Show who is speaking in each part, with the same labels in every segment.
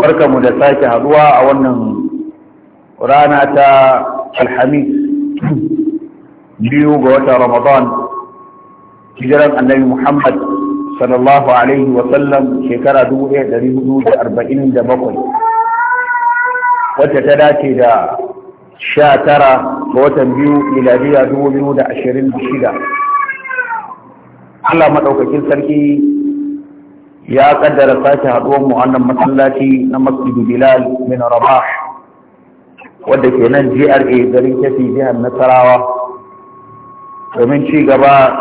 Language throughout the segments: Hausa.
Speaker 1: barkamu da sake haduwa a wannan rana ta alhamis biyu ga wata ramadan hijiran annabi muhammad sallallahu alaihi wasallam shekara 1447 wacce ta dace da sha tara ga watan biyu miladiya 2026 allah maɗaukakin sarki ya kaddara sake haduwar mu masallaci na masjidu bilal min rabah
Speaker 2: wadda ke nan GRA
Speaker 1: garin kefi jihar Nasarawa domin ci gaba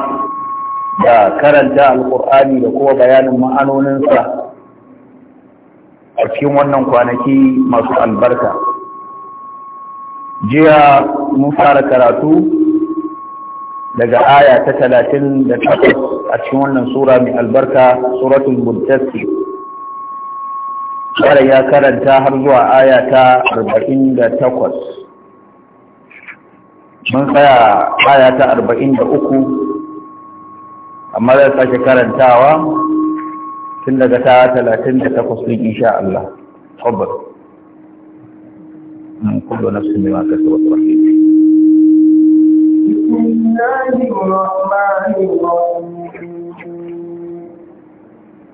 Speaker 1: da karanta alkur'ani da kuma bayanin ma'anoninsa a cikin wannan kwanaki masu albarka jiya mun fara karatu daga aya ta talatin da takwas أشون وانا سورة من البركة سورة المنتسي قال يا كرن تهرجوا آية أربعين تقص من خيا آية أربعين أكو أما لا تشي تاوا تهوى تنة تاتة لا تنة تقص لي إن شاء الله حبك من كل نفس مما كسبت رحيم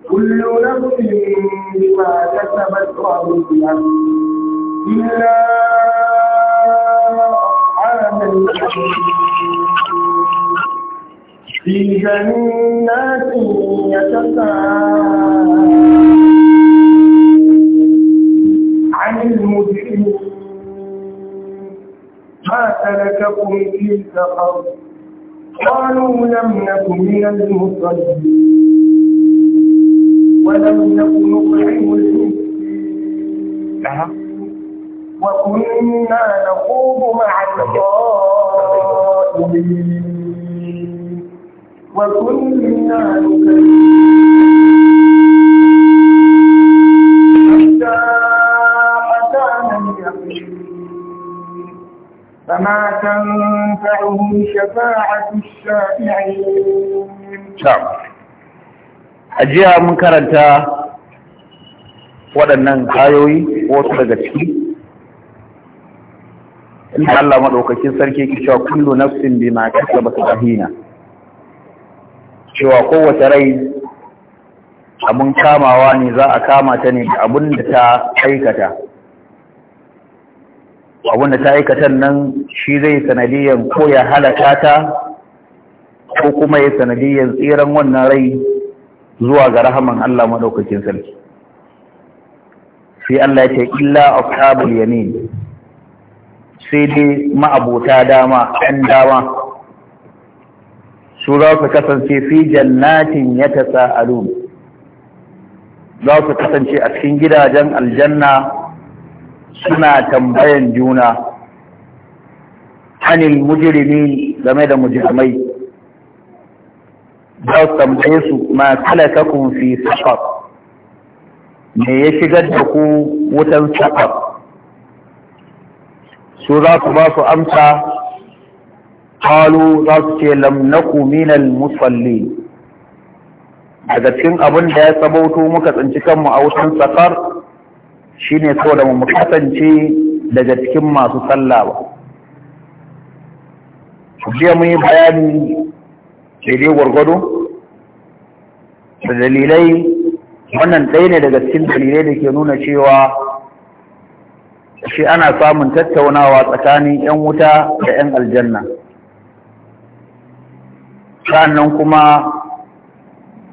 Speaker 1: كل نفس بما كسبت رهينة إلا أصحاب في جنات يتساءلون عن المجرمين ما سلككم في سقر قالوا لم نكن من المصلين ولم نكن نطعم المسكين نعم. وكنا نخوض مع الخائضين وكنا نكذب حتى أتانا اليقين فما تنفعهم شفاعة الشافعين Jiya mun karanta waɗannan ayoyi wasu daga ciki inda Allah maɗaukakin sarki ke cewa kullu nafsin bi ma kasabat rahina cewa kowace rai abun kamawa ne za a kama ta ne da abun da ta aikata abun da ta aikatan nan shi zai sanadiyan ko ya halaka ta ko kuma ya sanadiyan tseren wannan rai zuwa ga rahaman Allah maɗaukakin sarki sai Allah ya ce illa ashabul yamin sai dai ma'abota dama ɗan dama su za su kasance fi jannatin ya tasa za su kasance a cikin gidajen aljanna suna tambayan juna anil mujirimi game da mujrimai za su tambaye su ma salakakum fi saqar me ya shigar da ku wutan saqar su za su ba su amsa qalu za su ce lam naku minal musallin daga cikin abin da ya sabauto muka tsinci kanmu a wutan saqar shine saboda mu kasance daga cikin masu sallah ba jiya mun yi bayani daidai gwargwado da dalilai wannan ɗaya ne daga cikin dalilai da ke nuna cewa shi ana samun tattaunawa tsakanin 'yan wuta da 'yan aljanna sa'annan kuma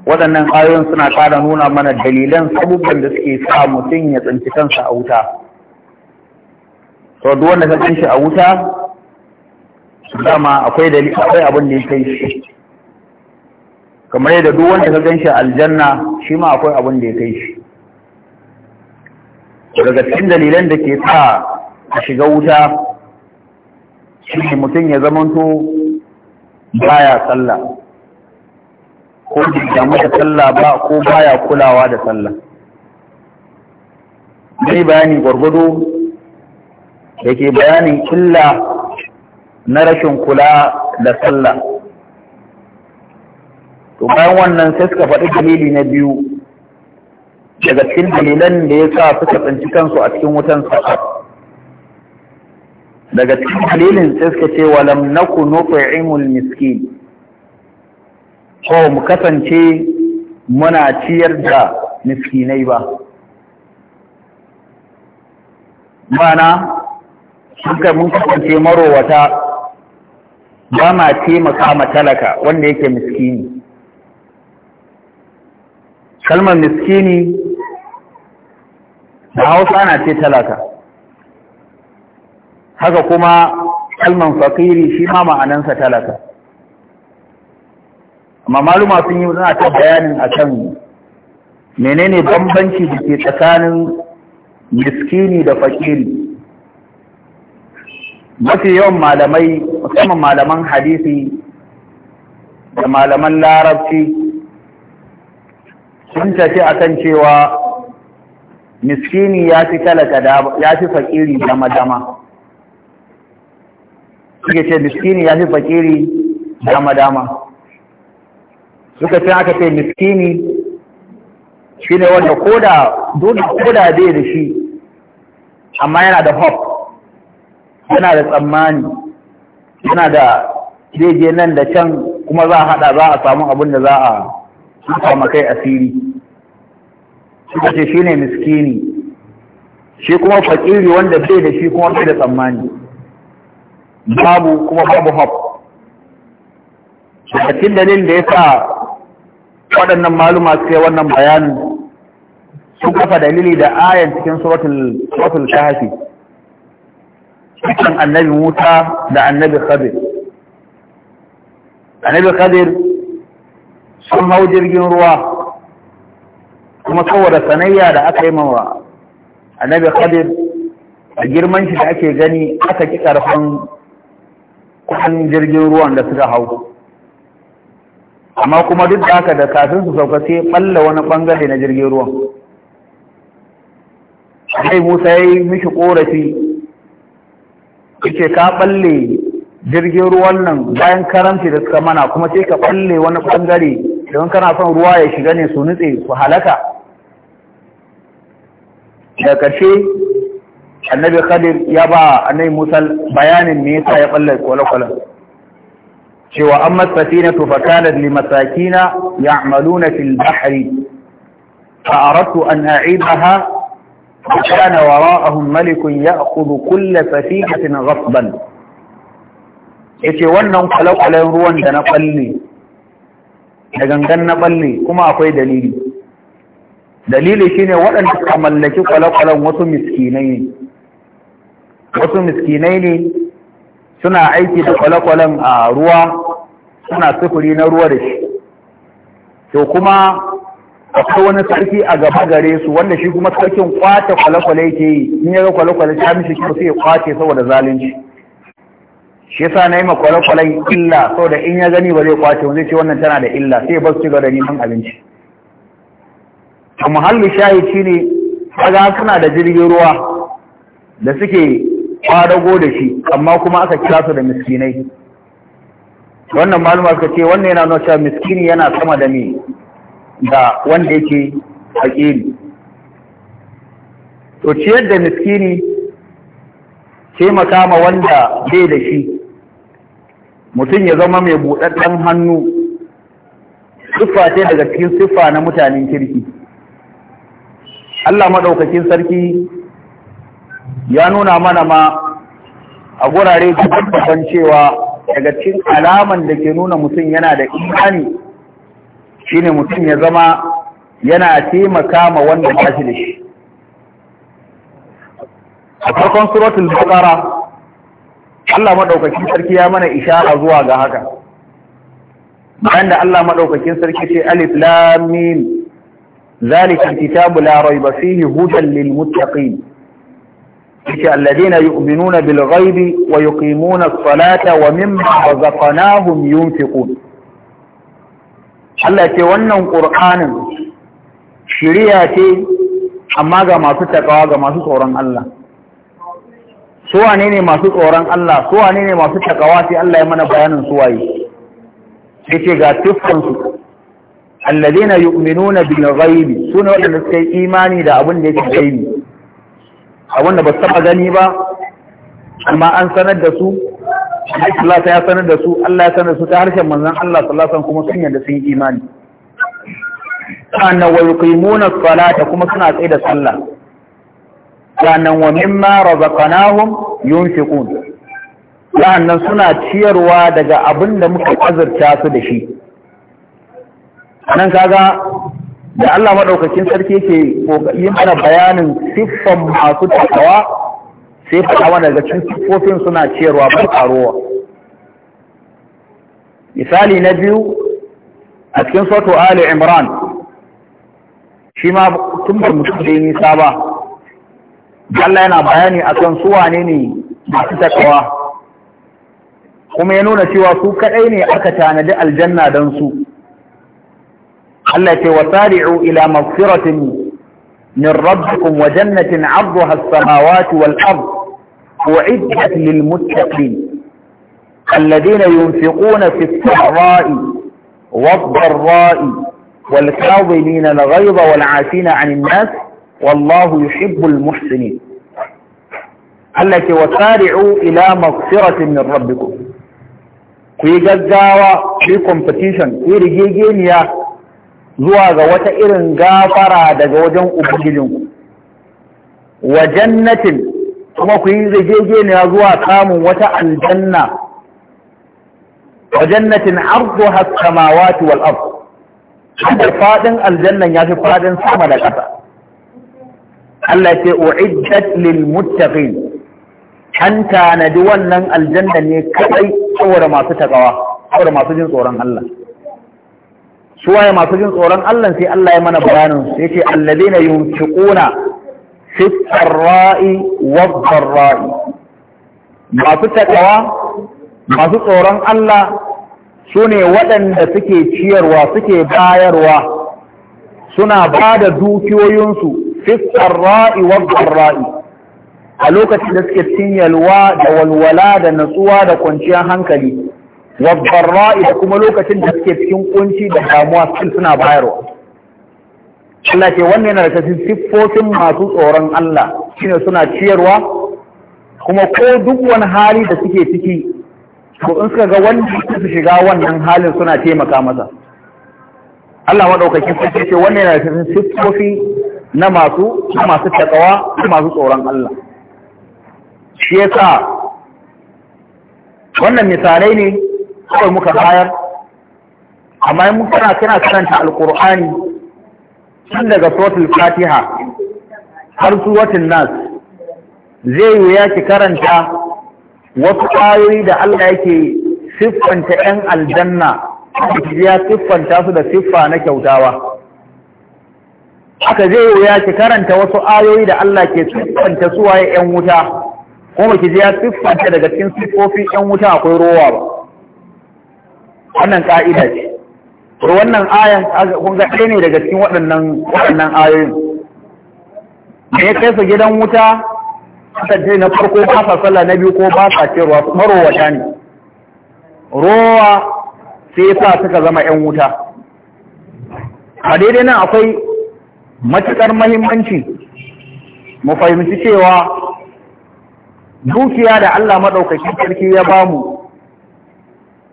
Speaker 1: waɗannan ayoyin suna ƙara nuna mana dalilan sabubban da suke sa mutum ya tsinci kansa a wuta to duk wanda ka tsinci a wuta dama akwai dalilai akwai abin da ya kai shi kamar yadda duk wanda ka gan shi aljanna shi ma akwai abin da ya kai shi daga cikin dalilan da ke sa a shiga wuta shi ne mutum ya zamanto baya sallah
Speaker 2: ko damu mata sallah
Speaker 1: ba ko baya kulawa da sallah mai bayani gwargwado da ke bayanin illa na rashin kula da sallah to bayan wannan sai suka faɗi dalili na biyu daga cikin dalilan da ya sa suka tsinci kansu a cikin wutan sa'a daga cikin dalilin sai suka ce walam naku imul miski, ko mu kasance muna ciyar da miskinai ba mana suka mun kasance marowata ba ma taimaka ma talaka wanda yake miskini kalmar miskini da hausa ana ce talaka haka kuma kalmar fakiri shi ma ma'anansa talaka amma maluma sun yi suna ta bayanin a can menene bambanci da ke tsakanin miskini da fakiri mafi yawan malamai musamman malaman hadisi da malaman larabci sun tafi akan cewa miskini ya fi talaka ya fi fakiri dama dama suke ce miskini ya fi fakiri dama dama suka ce aka ce miskini shi ne wanda koda koda bai da shi amma yana da hop yana da tsammani yana da jeje nan da can kuma za a hada za a samu abin da za a suka makai asiri suka ce shi ne miskini shi kuma fakiri wanda bai da shi kuma bai da tsammani babu kuma babu hab cikin dalil da ya sa waɗannan maluma suke wannan bayanin sun kafa dalili da ayan cikin suratul kahfi cikin annabi musa da annabi khadir annabi khadir an hau jirgin ruwa kuma saboda sanayya da aka yi mawa annabi khadir a girman shi da ake gani aka ki karfan kuɗin jirgin ruwan da suka hau amma kuma duk da aka da kafin su sauka sai balla wani bangare na jirgin ruwan sai musa ya yi mishi korafi yake ka balle jirgin ruwan nan bayan karanci da suka mana kuma sai ka balle wani bangare don kana son ruwa ya shiga ne su nutse su halaka da ƙarshe annabi khadir ya ba annabi musal. bayanin me sa ya falle kwale-kwalen cewa an masafina tufakanat li masakina ya'maluna fil bahri fa aradtu an a'idaha fa kana wara'ahum malikun ya'khudhu kull gasban. ghasban yace wannan kwale-kwalen ruwan da na falle da gangan na ɓalle kuma akwai dalili dalili shine waɗanda suka mallaki kwale-kwalen wasu miskinai ne wasu miskinai ne suna aiki da kwale-kwalen a ruwa suna sufuri na ruwa da shi to kuma akwai wani sarki a gaba gare su wanda shi kuma sarkin kwace kwale-kwale yake yi in yaga kwale-kwale ta mishi kyau sai ya kwace saboda zalunci shi yasa na yi makwale-kwalen illa so da in ya gani ba zai kwace zai ce wannan tana da illa sai ba su ci gaba neman abinci a muhalli shayi shi ne kaga suna da jirgin ruwa da suke kwadago da shi amma kuma aka kira su da miskinai wannan malama suka ce wannan yana nuna cewa miskini yana sama da me da wanda yake fakiri to ciyar da miskini taimaka ma wanda bai da shi mutum ya zama mai buɗaɗɗen hannu siffa ce daga cikin siffa na mutanen kirki Allah maɗaukakin sarki ya nuna mana ma a gurare daban cewa daga cikin alaman da ke nuna mutum yana da imani shine mutum ya zama yana taimaka ma wanda ba shi da shi a farkon suratul baqara Allah maɗaukakin sarki ya mana ishara zuwa ga haka bayan da Allah maɗaukakin sarki ce alif lam kita zalika alkitabu la rayba fihi hudan lil muttaqin yace alladheena yu'minuna bil ghaibi wa yuqimuna salata wa mimma razaqnahum yunfiqun Allah ce wannan Qur'anin shiriya ce amma ga masu takawa ga masu tsoron Allah su ne masu tsoron Allah su ne masu takawa sai Allah ya mana bayanin su waye sai ce ga tuffan su alladheena yu'minuna bil ghaibi sune wanda suka yi imani da abin da yake gaibi abin da ba su taba gani ba amma an sanar da su Allah ta ya sanar da su Allah ya sanar da su ta harshen manzon Allah sallallahu alaihi wasallam kuma sun yarda sun yi imani sannan wa yuqimuna as-salata kuma suna tsaye da sallah sannan wa mimma razaqnahum yunfiqun sannan suna ciyarwa daga abin da muka azurta su da shi nan kaga da Allah madaukakin sarki ke yi mana bayanin siffan masu takawa
Speaker 2: sai faɗa wannan daga cikin
Speaker 1: siffofin suna ciyarwa ba karuwa misali na biyu a cikin soto Ali Imran shi ma tun ba mutum da yi nisa ba Allah yana bayani akan su wane ne masu takawa kuma ya nuna cewa su kadai ne aka tanadi aljanna don su Allah ya ce wa wasari'u ila maghfiratin min rabbikum wa jannatin 'arduha as-samawati wal ard u'iddat lil muttaqin alladhina yunfiquna fi as-sahra'i wad-dharra'i wal kadhimina al-ghayza wal 'afina 'anil nas wallahu yuhibbul muhsinin Allah ke ila magfiratin min rabbikum ku yi gaggawa ku yi competition kuyi yi rigegeniya zuwa ga wata irin gafara daga wajen ubangijinku wa jannatin kuma ku yi rigegeniya zuwa samun wata aljanna wa jannatin arduha as-samawati wal ard fadin aljannan sama da ƙasa Allah ce uiddat lil muttaqin an tanadi wannan aljanna ne kadai saboda masu takawa saboda masu jin tsoron Allah su waye masu jin tsoron Allah sai Allah ya mana bayanin sai ce alladheena yunfiquna fi sarra'i wad dharra'i masu takawa masu tsoron Allah su ne waɗanda suke ciyarwa suke bayarwa suna ba da dukiyoyinsu fisarra'i wa a lokacin da suke cikin yalwa da walwala da natsuwa da kwanciyar hankali wa barra'i da kuma lokacin da suke cikin kunci da damuwa suna bayarwa Allah ce wannan yana da cikin siffofin masu tsoron Allah Shi ne suna ciyarwa kuma ko duk wani hali da suke ciki ko in suka ga wanda su shiga wannan halin suna taimaka masa Allah madaukaki sai ce wannan yana da cikin siffofi na masu masu takawa masu tsoron Allah shi yasa wannan misalai ne kawai muka bayar amma in kana kana karanta alqur'ani tun daga suratul fatiha
Speaker 2: har watan nas
Speaker 1: zai yi ya ki karanta wasu ayoyi da Allah yake siffanta 'yan aljanna ya siffanta su da siffa na kyautawa haka zai wuya ki karanta wasu ayoyi da Allah ke siffanta suwaye ‘yan wuta, kuma ki je ya siffanta daga cikin siffofi ‘yan wuta akwai rowa ba. Wannan ƙa'ida ce. Wannan ayan kun ga ɗaya ne daga cikin waɗannan ayoyin. Me ya kai su gidan wuta, suka ce na farko ba sa sallah na biyu ko ba sa cewa marowata ne. Rowa sai sa suka zama ‘yan wuta. A daidai nan akwai matuƙar mahimmanci mu fahimci cewa dukiya da Allah maɗaukaki sarki ya bamu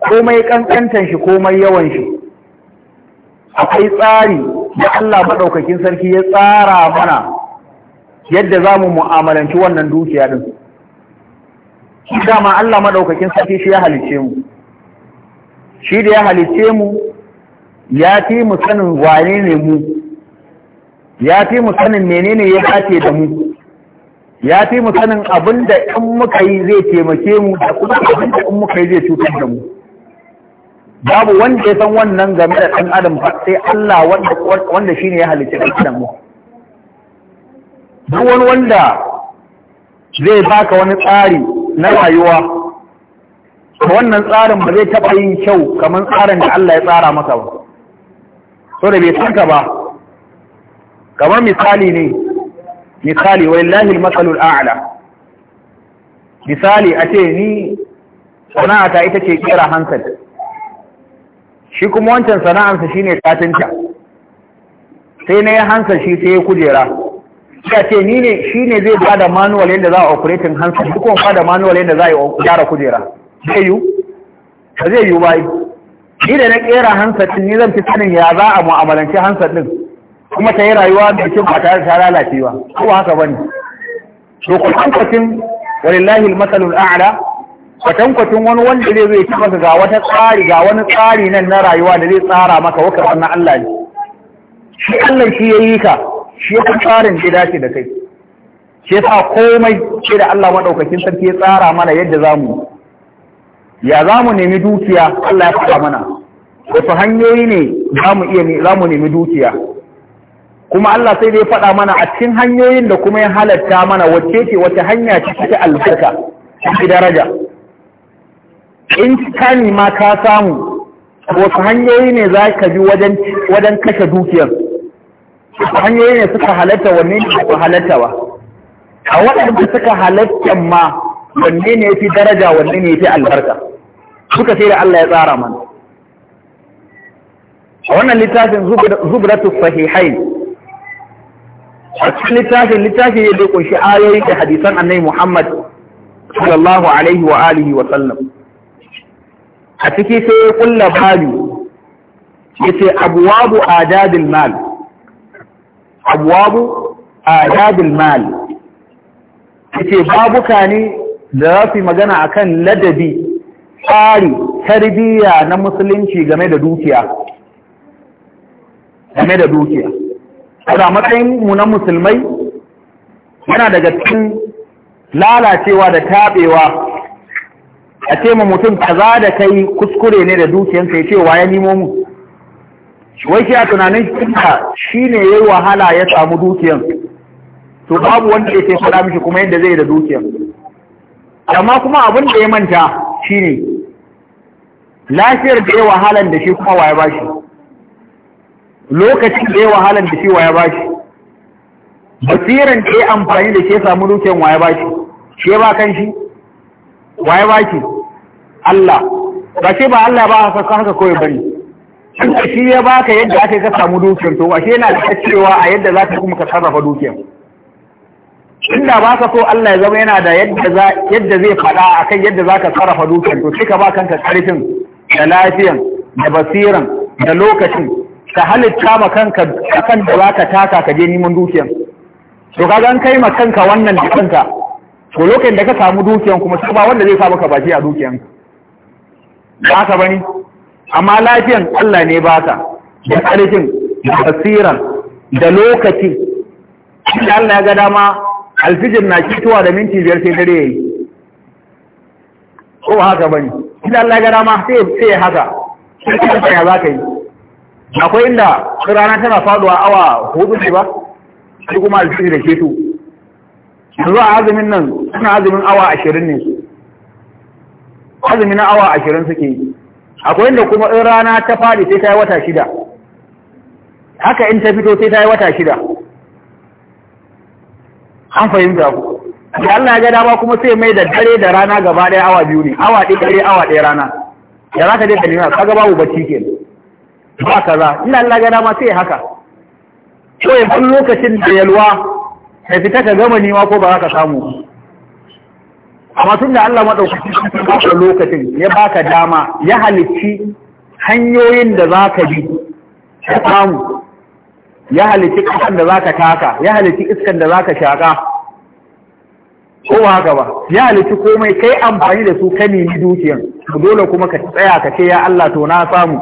Speaker 1: komai ƙanƙantar shi komai yawan shi akwai tsari da Allah maɗaukakin sarki ya tsara mana yadda za mu mu'amalanci wannan dukiya ɗin dama Allah maɗaukakin sarki shi ya halicce mu shi da ya halicce mu ya fi mu sanin wane ne mu ya fi mu menene ya dace da mu ya fi mu sanin abin da in muka yi zai taimake mu da kuma abin da in muka yi zai cutar da mu babu wanda ya san wannan game da ɗan adam sai Allah wanda shi ne ya halitta ɗan mu duk wani wanda zai baka wani tsari na rayuwa wannan tsarin ba zai taɓa yin kyau kamar tsarin da Allah ya tsara masa ba so da bai sanka ba kamar misali ne misali wallahi al-masalul a'la misali a ce ni sana'ata ita ce kera hansar shi kuma wancan sana'ansa ne katinta sai na yi hansar shi sai ya kujera shi a ce ni ne shi ne zai da manuwal yadda za a operating hansar shi kuma da manuwal yadda za a gyara kujera zai yiwu ba zai yiwu ba yi ni da na kera hansar din ni zan fi sanin ya za a mu'amalanci hansar din kuma ta yi rayuwa mai cin ba tare ta lalace ba ko haka bane to kwatankwacin walillahi al a'la kwatankwacin wani wanda zai zai ci maka ga wata tsari ga wani tsari nan na rayuwa da zai tsara maka wakar wannan Allah ne shi Allah shi ya ka shi ya tsarin da dace da kai shi yasa komai shi da Allah madaukakin sarki ya tsara mana yadda zamu ya zamu nemi dukiya Allah ya faɗa mana wasu hanyoyi ne zamu iya zamu nemi dukiya kuma Allah sai dai faɗa mana a cikin hanyoyin da kuma ya halatta mana wacce ce wata hanya ce ta albarka ta daraja in kani ma ka samu wasu hanyoyi ne za ka bi wajen kashe dukiyar hanyoyi ne suka halatta wanne ne suka halatta ba a waɗanda suka halatta ma wanne ne fi daraja wanne ne fi albarka suka sai da Allah ya tsara mana a wannan littafin zubratu sahihain a cikin littafin littafin ya kunshi ayoyi da hadisan annai Muhammad sallallahu alaihi wa alihi wa sallam a ciki sai ya kulla bali. babi yace abwabu adadil mal abwabu adadil mal ce babuka ne da za su magana akan ladabi tsari tarbiyya na musulunci game da dukiya game da dukiya da matsayin mu na musulmai yana daga cikin lalacewa da taɓewa a ce ma mutum kaza da kai kuskure ne da dukiyarsa ya ce wa ya nemo mu wai shi a tunanin kinka shi ne ya yi wahala ya samu dukiyan to babu wanda ya ce faɗa mishi kuma yadda zai da dukiyan amma kuma abin da ya manta shi ne lafiyar da ya wahalan da shi kuma wa ya ba shi lokacin da ya wahalan da shi wa ya bashi basiran da ya amfani da shi ya samu dukiyar wa ya bashi shi ba kan shi wa ya bashi Allah ba ce ba Allah ba haka haka kawai bane tunda shi ya baka yadda aka ka samu dukiyar to ashe yana da cewa a yadda za ka kuma ka sarrafa dukiyar inda ba ka so Allah ya zama yana da yadda zai faɗa akan yadda za ka sarrafa dukiyar to sai ka ba kanka karfin da lafiyan da basiran da lokacin ka halitta ma kanka kan da za ka taka ka je neman dukiyan to kaga an kai ma kanka wannan da kanka to lokacin da ka samu dukiyan kuma sai ba wanda zai sa maka baki a dukiyan ba ka bani amma lafiyan Allah ne baka da karfin da basiran da lokaci inda Allah ya ga dama alfijir na kitowa da minti biyar sai dare yayi ko haka bani inda Allah ya ga dama sai sai haka sai ka ya za ka yi akwai inda rana tana faduwa awa hudu ne ba shi kuma alfini da ke tu yanzu a azumin nan suna azumin awa ashirin ne su azumin na awa ashirin suke yi akwai inda kuma in rana ta fadi sai ta yi wata shida haka in ta fito sai ta yi wata shida an fahimta ku da Allah ya ga dama kuma sai mai da dare da rana gaba ɗaya awa biyu ne awa ɗaya dare awa ɗaya rana ya za ka je ka nema ka ga babu bacci kenan ba za ina Allah dama sai haka ko ya lokacin da yalwa ka fita ka gama nima ko ba za ka samu amma tun da Allah madaukaki ya lokacin ya baka dama ya halicci hanyoyin da za ka bi ka samu ya halicci ƙasan da za ka taka ya halicci iskan da za ka shaƙa ko ba haka ba ya halicci komai kai amfani da su ka nemi dukiyan dole kuma ka tsaya ka ce ya Allah to na samu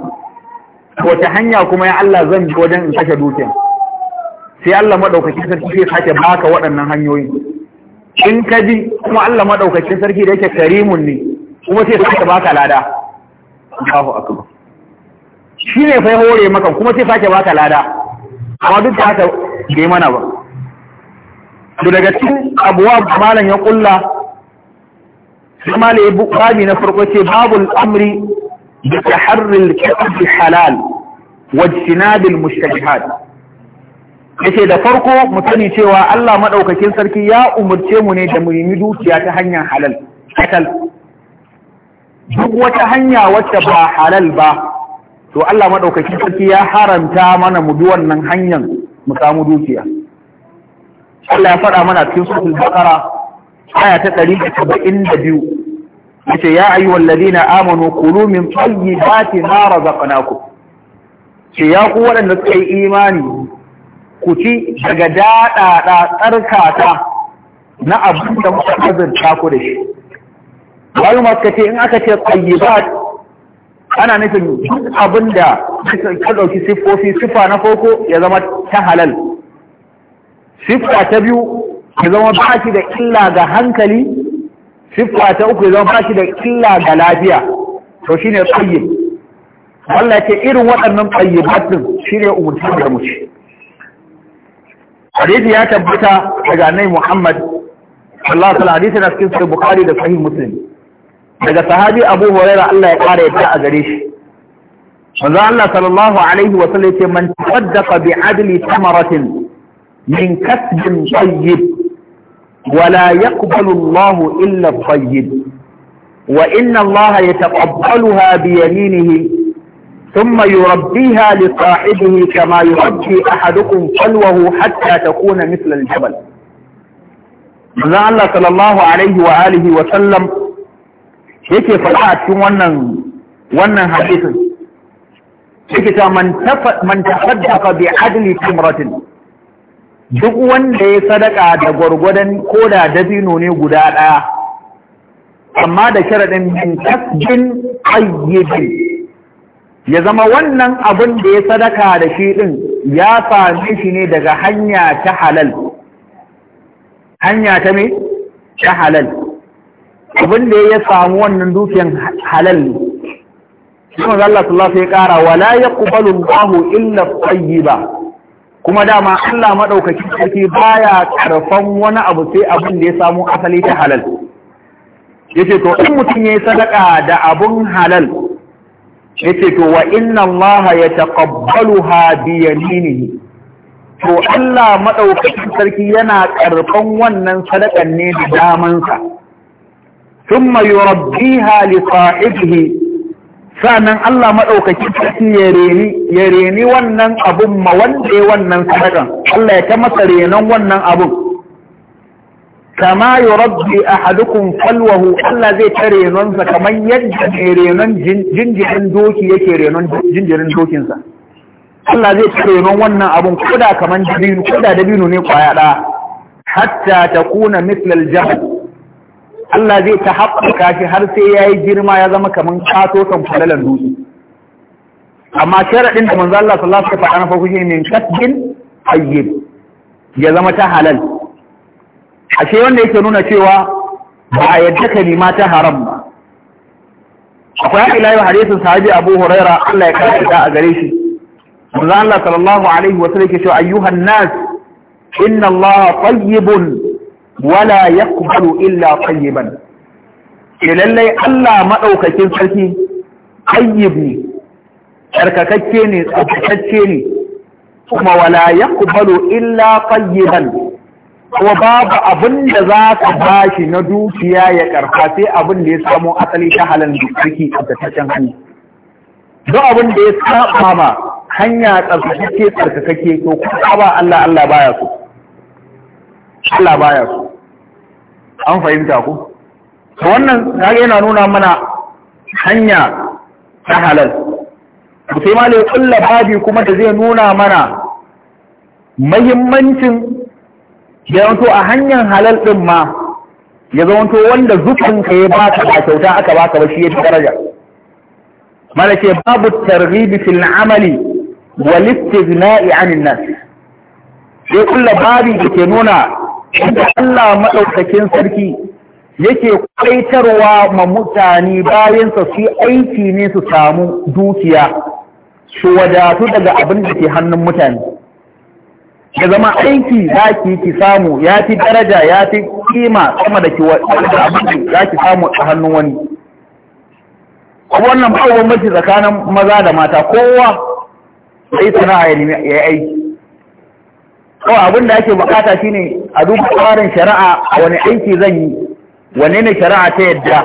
Speaker 1: wata hanya kuma ya Allah zan bi wajen in kashe dukiyan sai Allah madaukakin sarki zai sake baka waɗannan hanyoyin in ka bi kuma Allah madaukakin sarki da yake karimun ne kuma sai sake baka lada Allahu akbar shi ne fa hore maka kuma sai sake baka lada amma duk da haka bai mana ba to daga cikin abuwa malam ya kulla sai malam ya na farko ce babul amri بتحري الكتب الحلال واجتناب المشتبهات yace da farko mu cewa Allah madaukakin sarki ya umurce mu ne da mu yi dukiya ta hanyar halal katal duk wata hanya wacce ba halal ba to Allah madaukakin sarki ya haramta mana mu bi wannan hanyar mu samu dukiya Allah ya faɗa mana cikin suratul baqara aya ta 172 yace ya ayyuhal ladina amanu kulu min tayyibati ma razaqnakum ce ya ku waɗanda suka yi imani ku ci daga daɗaɗa tsarkata na abin da muka azurta ku da shi ce in aka ce tsayyibat ana nufin abin da ka ɗauki siffofi siffa na farko ya zama ta halal siffa ta biyu ya zama ba shi da illa ga hankali siffa ta uku ya zama ba shi da illa ga lafiya to shi ne tsayin Allah ce irin waɗannan tsayyibatin shi ne umarci da muci hadisi ya tabbata daga annai muhammad Allah ta hadisi na cikin sai bukari da sahih muslim daga sahabi abu hurairah Allah ya kara yadda a gare shi manzo Allah sallallahu alaihi wa sallam ce man tasaddaqa bi adli tamaratin min kasbin tayyib ولا يقبل الله إلا الطيب وإن الله يتقبلها بيمينه ثم يربيها لصاحبه كما يربي أحدكم فلوه حتى تكون مثل الجبل الله صلى الله عليه وآله وسلم يكي faɗa a ونن wannan wannan من yake بعدل تمرة duk wanda ya sadaka da gwargwadon da dabino ne guda ɗaya amma da sharaɗin min kasbin ayyibin ya zama wannan abin da ya sadaka da shi ɗin ya same shi ne daga hanya ta halal hanya ta me ta halal abin da ya samu wannan dukiyan halal ne shi Allah sallallahu alaihi ya kara wala yaqbalu Allahu illa tayyiba kuma dama Allah maɗaukaki sarki baya ƙarfan wani abu sai abin da ya samu asali ta halal yace to in mutum yayi sadaka da abun halal yace to wa inna Allah yataqabbaluha bi yaminihi to Allah maɗaukacin sarki yana ƙarfan wannan sadakan ne da damansa thumma yurabbiha li sahibihi sa'annan Allah maɗaukaki sarki ya reni wannan abun ma wanda ya wannan sadakan Allah ya ta masa renon wannan abun kama a ahadukum falwahu Allah zai ta renonsa kamar yadda mai renon jinjirin doki yake renon jinjirin dokinsa Allah zai ta renon wannan abun koda kamar dabino koda dabino ne kwaya ɗaya hatta takuna mislal jahal Allah zai ta haɓaka shi har sai ya yi girma ya zama kamar kato kan falalan dutse amma sharaɗin da manzo Allah sallallahu alaihi wasallam na farko shine min kasbin tayyib ya zama ta halal ashe wanda yake nuna cewa ba a yadda ka kalima ta haram ba akwai ila yau hadisin sahabi Abu Huraira Allah ya kare da a gare shi manzo Allah sallallahu alaihi wasallam yake cewa ayyuhan nas inna Allah tayyibun wala kubalu illa tayyiban ke lallai Allah maɗaukakin sarki tayyib ne tsarkakakke ne tsarkakakke ne kuma wala kubalu illa tayyiban kuma babu abin da za ka bashi na dukiya ya karfa sai abin da ya samo asali ta halin dukkaki a tattacen hannu duk abin da ya saba ma hanya tsarkakakke tsarkakakke to kuma ba Allah Allah baya so Allah baya so an fahimta ku to wannan kage yana nuna mana hanya ta halal sai ma lai kulla babi kuma da zai nuna mana mahimmancin ya zanto a hanyar halal ɗin ma ya zanto wanda zukanka ya baka ba kyauta aka baka ba shi ya fi daraja mana ce babu targhibi fil amali wal istithna'i 'anil nas sai kulla babi da ke nuna inda Allah maɗaukakin sarki yake kwaitarwa ma mutane bayansa su aiki ne su samu dukiya su wadatu daga abin da ke hannun mutane da zama aiki za ki ki samu ya fi daraja ya fi kima sama da ki abin da za ki samu a hannun wani wannan ba mace tsakanin maza da mata kowa sai sana'a ya yi aiki kawai abin da ake bukata shine a duba tsarin shari'a wani aiki zan yi wani ne shari'a ta yadda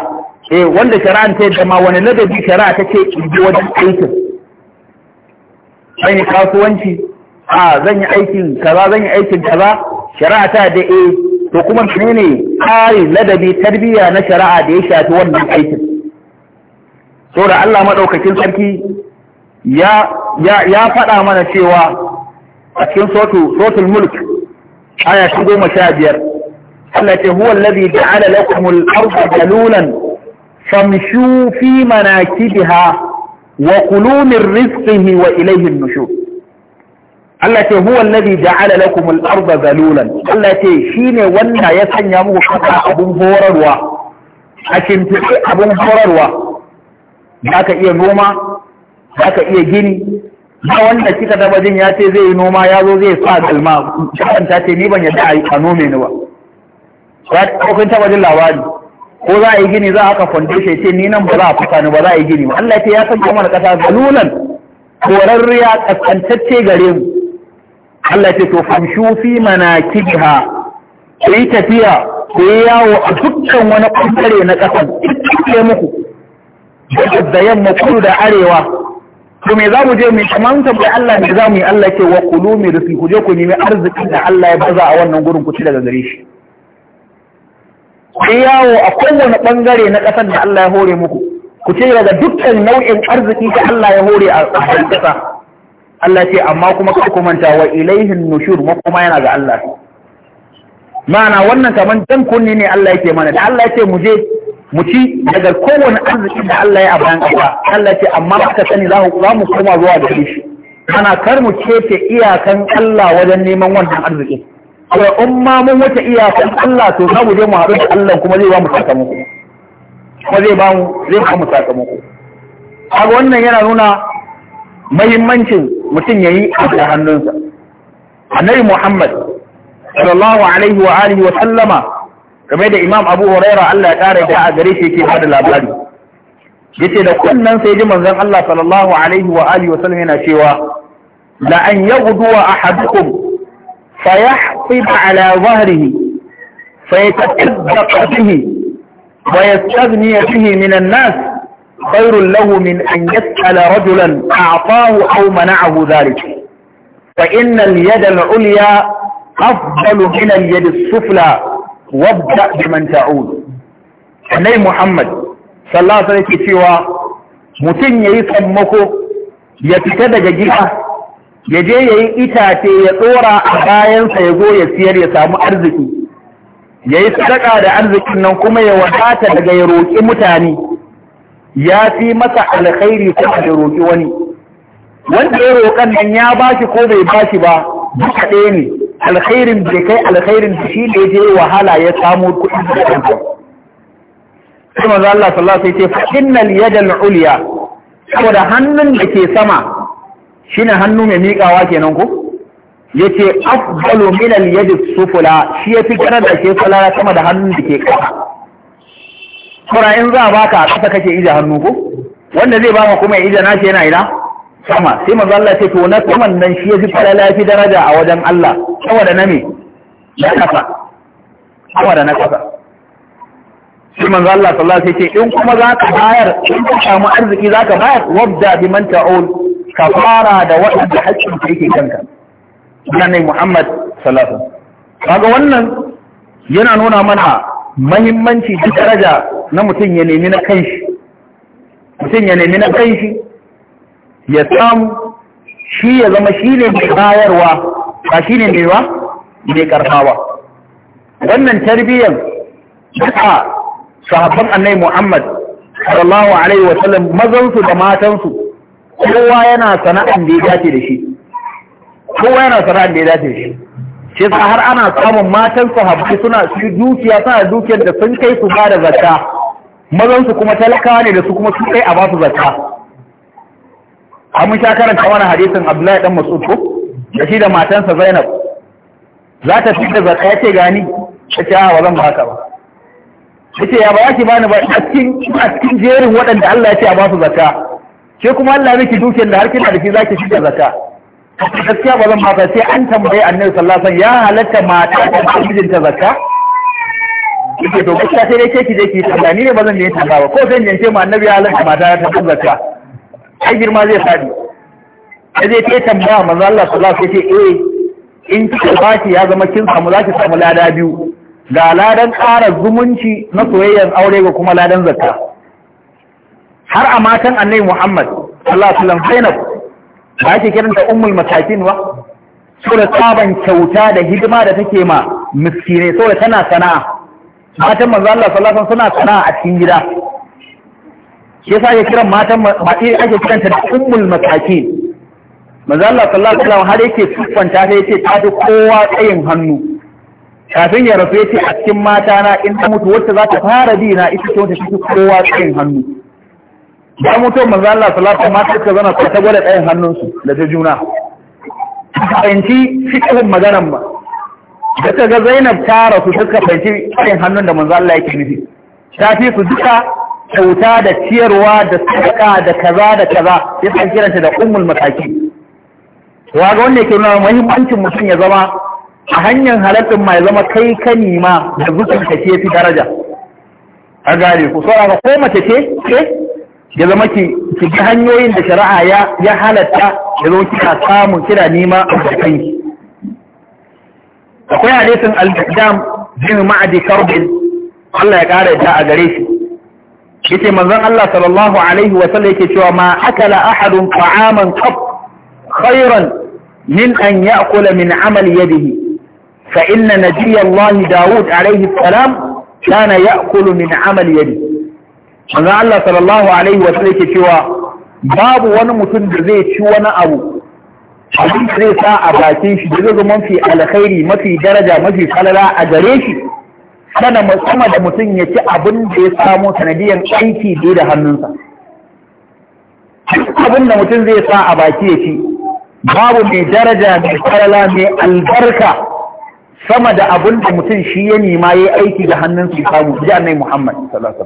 Speaker 1: eh wanda shari'a ta yadda ma wani ladabi shari'a ta ce ji wajen aikin zan yi kasuwanci a zan yi aikin kaza zan yi aikin kaza shari'a ta da eh to kuma ne tsari ladabi tarbiyya na shari'a da ya shafi wannan aikin saboda Allah madaukakin sarki ya ya ya faɗa mana cewa a cikin sotul mulk aya shi goma sha biyar Allah ce huwa alladhi da lakum al-ardha dalulan famshu fi manakibiha wa kulumin min rizqihi wa ilayhi an-nushur Allah ce huwa alladhi da lakum al-ardha dalulan Allah ce shine wanda ya sanya muku kasa abun horarwa
Speaker 2: a shimfiɗe abun horarwa
Speaker 1: za ka iya noma za ka iya gini ba wanda kika taba jin ya ce zai yi noma ya zo zai sa galma shakan ta ce ni ban yadda a yi a nome ni ba ko kun taba jin labari ko za a yi gini za a haka foundation ce ni nan ba za a fasa ni ba za a yi gini ba Allah ya ce ya san kamar kasa galulan korarriya kaskantacce gare mu Allah ce to famshu fi manakibiha
Speaker 2: ku yi tafiya ku
Speaker 1: yi yawo a dukkan wani ɓangare na ƙasan duk muku da yamma kudu da arewa to me za mu je mu kaman tambayi Allah ne za mu yi Allah ke wa kulu mi rufi ku je ku nemi arzikin da Allah ya baza a wannan gurin ku ci daga gare shi ku yawo a kowane bangare na kasar da Allah ya hore muku ku ce daga dukkan nau'in arziki da Allah ya hore a kasa Allah ce amma kuma kar ku manta wa ilaihin nushur ma kuma yana ga Allah ma'ana wannan kaman dan kunni ne Allah yake mana da Allah yake mu je mu ci daga kowane arzikin da Allah ya bayan ƙasa Allah ce amma ba ka sani za mu koma zuwa da shi ana kar mu kefe iyakan Allah wajen neman wannan arzikin sai in ma mun wuce iyakan Allah to za mu je mu haɗu da Allah kuma zai ba mu sakamako kuma zai ba mu zai ba mu sakamako kaga wannan yana nuna muhimmancin mutum yayi da hannunsa annabi Muhammad
Speaker 2: sallallahu alaihi
Speaker 1: wa alihi wa sallama kamar da imam abu huraira Allah ya kare ta a gare shi yake bada labari yace da kunnan sai ji manzon Allah sallallahu alaihi wa alihi wa sallam yana cewa la an yaghdu ahadukum fayahsib ala dhahrihi فيتكذب به ويستغني به من الناس خير له من أن يسأل رجلا أعطاه أو منعه ذلك فإن اليد العليا أفضل من اليد السفلى wabda biman ta'ud annai muhammad sallallahu alaihi wasallam cewa mutum yayi tsammako ya fita daga gida ya je yayi itace ya tsora a bayan sa ya go ya siyar ya samu arziki yayi sadaka da arzikin nan kuma ya wadata daga ya roki mutane ya fi masa alkhairi ko da roki wani wanda ya rokan nan ya bashi ko bai bashi ba duka ɗaya ne alkhairin bai kai alkhairin da shi ne je wahala ya samu kuɗi da kanta sai manzo Allah sallallahu alaihi wasallam ya ce innal yadal ulya saboda hannun da ke sama shine hannu mai miƙawa kenan ko yace afdalu min al yad sufula shi yafi karar da ke falala sama da hannun da ke ƙasa kuma in za a baka a kasa kake ija hannu ko wanda zai baka kuma ija nashi yana ina sama sai manzo Allah ya ce to na saman nan shi yafi falala yafi daraja a wajen Allah saboda na me na kafa da na kafa shi manzo Allah sallallahu alaihi wasallam ce in kuma zaka bayar in ka samu arziki zaka bayar wabda bi man ta'ul ka fara da wanda hakkin ka yake kanka sunan Muhammad sallallahu alaihi wasallam kaga wannan yana nuna mana mahimmanci da daraja na mutum ya nemi na kanshi mutum ya nemi na kanshi ya samu shi ya zama shi ne mai bayarwa ba shi ne mewa mai karfawa wannan tarbiyyar duka sahabban annai muhammad sallallahu alaihi wasallam mazansu da matansu kowa yana sana'an da ya dace da shi kowa yana sana'an da ya dace da shi shi sa har ana samun matan sahabbai suna su dukiya suna dukiyar da sun kai su ba da zakka mazansu kuma talakawa ne da su kuma su kai a ba su zakka an mun sha karanta wani hadisin abdullahi dan mas'ud ko da shi da matansa Zainab za ta fi da zaka ya ce gani ta ce a zan haka ba ya ce ya ba ki bani ba a cikin jerin waɗanda Allah ya ce a ba su zaka ke kuma Allah miki dukiyar da har kina da shi za ki fi da zaka gaskiya ba zan ba haka sai an tambaye annabi sallallahu alaihi wasallam ya halatta mata da mijinta zaka ke to gaskiya sai dai ke ki je ki tambaya ni ne ba zan je tambaya ba ko sai ne yance ma annabi ya halatta mata ta zaka ai girma zai fadi ya zai ta tambaya manzo Allah sallallahu alaihi wasallam eh in kika bashi ya zama kin samu zaki samu lada biyu ga ladan ƙara zumunci na soyayyar aure ga kuma ladan zakka har a matan annabi Muhammad sallallahu alaihi wasallam Zainab ba ke ta ummul masakin wa saboda tsaban kyauta da hidima da take ma miskinai saboda tana sana'a matan manzo Allah sallallahu alaihi suna sana'a a cikin gida shi yasa ake kiran matan ake kiranta da ummul masakin manzo Allah sallallahu alaihi wasallam har yake siffanta ta yace ta fi kowa tsayin hannu kafin ya rasu yace a cikin mata na in ta mutu wacce za ta fara bi na ita ce wacce ta kowa tsayin hannu ba mutu manzo Allah sallallahu alaihi wasallam suka zana ta gwada tsayin hannunsu da ta juna fahimci fiqhin maganan ba da ta ga Zainab ta rasu suka fahimci tsayin hannun da manzo Allah yake nufi ta fi su duka kyauta da ciyarwa da sadaka da kaza da kaza ya san kiranta da ummul mataki Wa ga wanda yake nuna muhimmancin mutum ya zama a hanyar halattun mai zama kai ka nima da zuciyar ka ce fi daraja a gare ku saboda ko mace ce ke ya zama ki ki ga hanyoyin da shari'a ya ya halatta ya zo kina samun kira nima a kanki akwai hadisin al-Qaddam bin Ma'adi Karbin Allah ya kare ta a gare shi yace manzon Allah sallallahu alaihi wa sallam yake cewa ma akala ahadun ta'aman qat khairan من أن يأكل من عمل يده فإن نبي الله داود عليه السلام كان يأكل من عمل يده manzo Allah sallallahu alaihi wa sallam yake cewa babu wani mutum da zai ci wani abu abin zai sa a bakin shi da zai mafi alkhairi mafi daraja mafi falala a gare shi sana musamman da mutum ya ci abin da ya samo sanadiyan aiki da da hannunsa abin da mutum zai sa a baki ya ci babu mai daraja mai farala mai albarka sama da abin da mutum shi ya nema ya aiki da hannunsu samu ji annai Muhammad sallallahu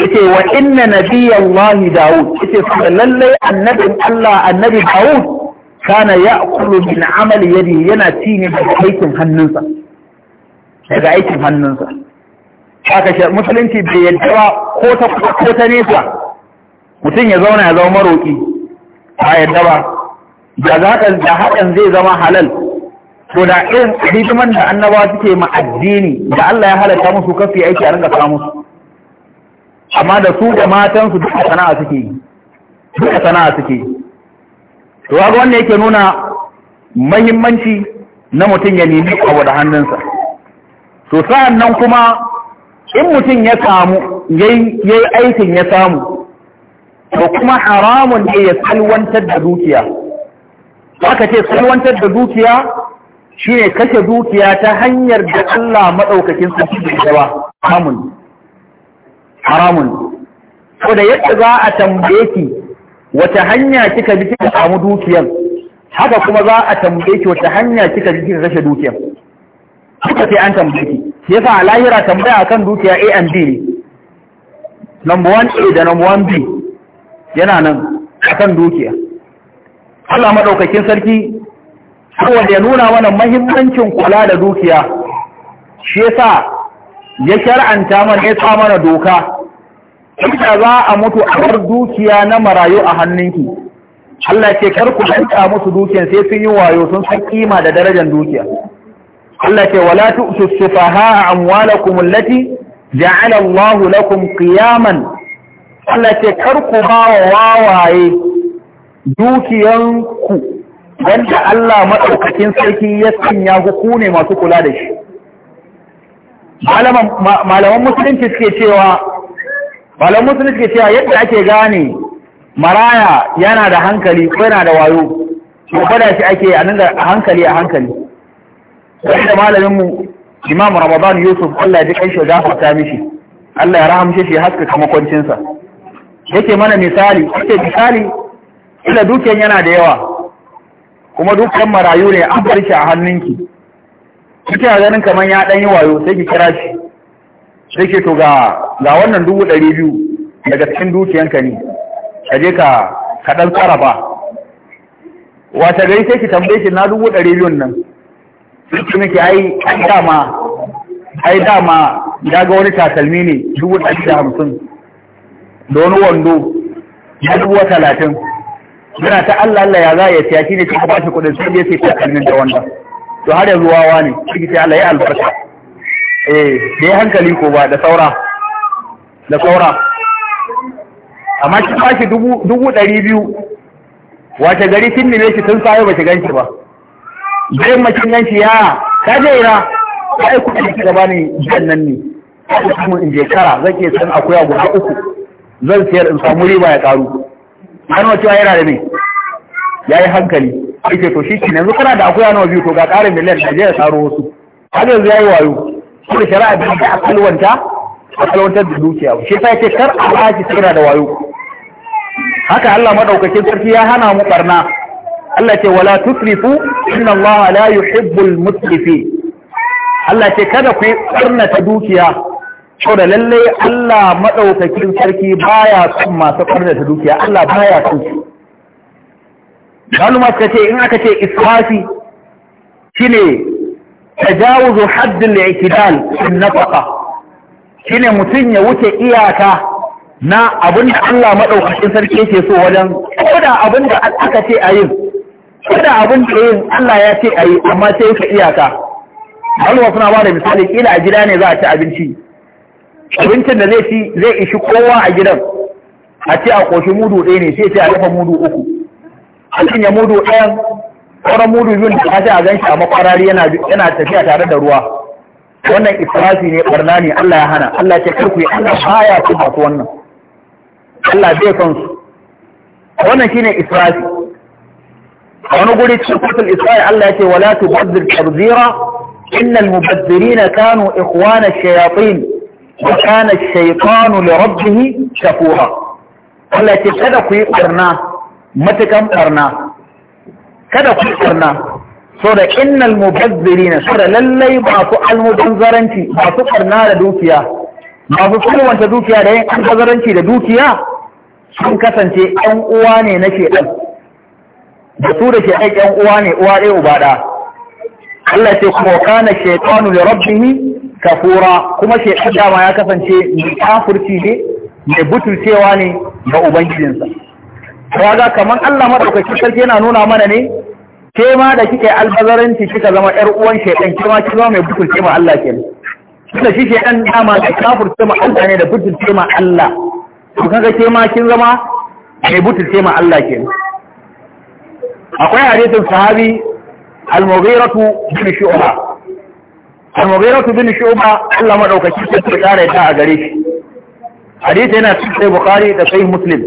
Speaker 1: yace wa inna nabiyallahi Dawud yace kuma lallai annabin Allah annabi Dawud kana ya'kulu min amali yadi yana ci ne daga aikin hannunsa daga aikin hannunsa haka shi musulunci bai yadda ba ko ta ko ta nesa mutum ya zauna ya zama maroki ba yadda ba da da zai zama halal to da irin hidiman da annaba suke ma'addini addini da Allah ya halatta musu kafi aiki a rinka samu su. amma da su da matansu duka sana'a suke yi duka sana'a suke yi to ga wanda yake nuna mahimmanci na mutum ya nemi abu da hannunsa to sa'an nan kuma in mutum ya samu yayi aikin ya samu to kuma haramun ne ya salwantar da dukiya ka ce salwantar da dukiya shi ne kashe dukiya ta hanyar da Allah maɗaukakin sun fi ita haramun haramun ko da yadda za a tambaye ki wata hanya kika bi kika samu dukiyar haka kuma za a tambaye ki wata hanya kika bi kika kashe dukiyar Kuka sai an tambaye ki yasa a lahira tambaya akan dukiya A and B ne number 1A da number 1B yana nan akan dukiya Allah maɗaukakin sarki saboda ya nuna mana mahimmancin kula da dukiya shi yasa ya shar'anta mana ya sa mana doka inda za a mutu a bar dukiya na marayu a hannunki Allah ce kar ku musu dukiyan sai sun yi wayo sun san kima da darajar dukiya Allah ce wala tu'tu sufaha amwalakum allati ja'ala Allah lakum qiyaman Allah ce kar ku ba wawaye dukiyanku wanda Allah matsaukakin sarki ya sanya ne masu kula da shi malaman musulunci suke cewa malaman musulunci suke cewa yadda ake gane maraya yana da hankali ko yana da wayo to fada shi ake a nan a hankali a hankali wanda malaminmu imam ramadan yusuf Allah ya ji kanshi gafarta mishi Allah ya rahamshe shi haska kamakoncinsa yake mana misali yake misali ila dukiyan yana da yawa kuma dukkan marayu ne an bar shi a hannunki a ganin kamar ya ɗan yi wayo sai ki kira shi sai ke to ga ga wannan dubu ɗari biyu daga cikin dukiyanka ne ka je ka ka dan sarrafa wata gari sai ki tambaye shi na dubu ɗari biyun nan sai ki miki ai ai dama ai dama ya ga wani takalmi ne dubu ɗari da hamsin da wani wando ya dubu talatin yana ta Allah Allah ya za ya siya shine sai ka bashi kudin sai ya sai takalmin da wanda to har yanzu wawa ne shi ta Allah ya albarka eh dai hankali ko ba da saura da saura amma shi bashi dubu dubu ɗari biyu wace gari kin nime shi tun sayo ba shi ganshi ba bayan makin shi ya ka jera ka aiku da ki gabanin jannan ne ko kuma in je kara zan san akwai guda uku zan sayar in samu riba ya karu
Speaker 2: gano cewa yana da mai
Speaker 1: ya yi hankali ake to shi ke yanzu kana da akwai nawa biyu to ga ƙarin miliyan da zai tsaro wasu har yanzu ya yi wayo shi da shari'a da kalwanta, akalwanta kalwantar da dukiya shi ta yake kar a ba shi tsira da wayo haka Allah madaukakin sarki ya hana mu barna Allah ce wala tusrifu inna Allah la yuhibbul musrifin Allah ce kada ku yi tsarnata dukiya ko da lalle Allah maɗaukakin sarki ba ya son masu karnata dukiya Allah ba ya son su maluma suka ce in aka ce shi ne israfi shine tajawuzu haddul i'tidal in shi shine mutum ya wuce iyaka na da Allah maɗaukakin sarki yake so wajen ko da da aka ce ayin ko da da yin Allah ya ce a yi amma sai ka iyaka maluma suna ba da misali kila a gida ne za a ci abinci abincin da zai fi, zai ishi kowa a gidan a ce a koshi mudu ɗaya ne sai ce a dafa mudu uku a cinye mudu ɗayan sauran mudu biyun da ka a gan shi a makwarari yana tafiya tare da ruwa wannan israfi ne barna ne Allah ya hana Allah ce karku yi Allah baya su masu wannan Allah zai son su wannan shine israfi a wani guri cikin kutul isra'i Allah ya ce wala tubazzir tabzira innal mubazzirina kanu ikhwana shayatin wa kana shaytanu li rabbih shakura Allah ce kada ku yi barna matukan barna kada ku yi barna so da innal na, so da lallai ba su zaranci, ba su ƙarna da dukiya ba su kowace dukiya da yin almubazzaranci da dukiya sun kasance ɗan uwa ne na shedan da su da shedan ɗan uwa ne uwa ɗaya uba ɗaya Allah ce kuma kana shaytanu li rabbih kafura kuma shaitan dama ya kasance mai kafurci ne mai butulcewa ne ga ubangijinsa ga kamar Allah madaukaki sarki yana nuna mana ne ke ma da kika yi albazaranci kika zama ƴar uwan shaitan ke ma kika mai butulce ma Allah kenan tunda shi shaitan dama da kafurce ma Allah ne da butulce ma Allah to kaga ke ma kin zama mai butulce ma Allah kenan akwai hadisin sahabi al-mughiratu bin shu'ba المغيرة بن شعبة علم روكشي ستتار إتاء قريش حديث هنا سيدي بخاري تصيح مسلم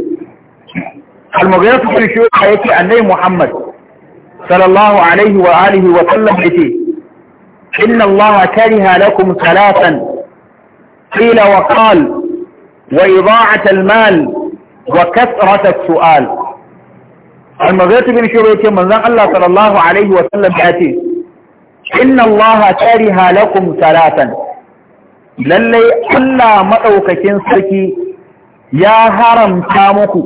Speaker 1: المغيرة بن شعبة عن نبي محمد صلى الله عليه وآله وسلم يأتي إن الله كره لكم ثلاثا قيل وقال وإضاعة المال وكثرة السؤال المغيرة بن شعبة من منذ الله صلى الله عليه وسلم يأتي inna allaha kariha lakum salatan lallai Allah maɗaukakin sarki ya haramta muku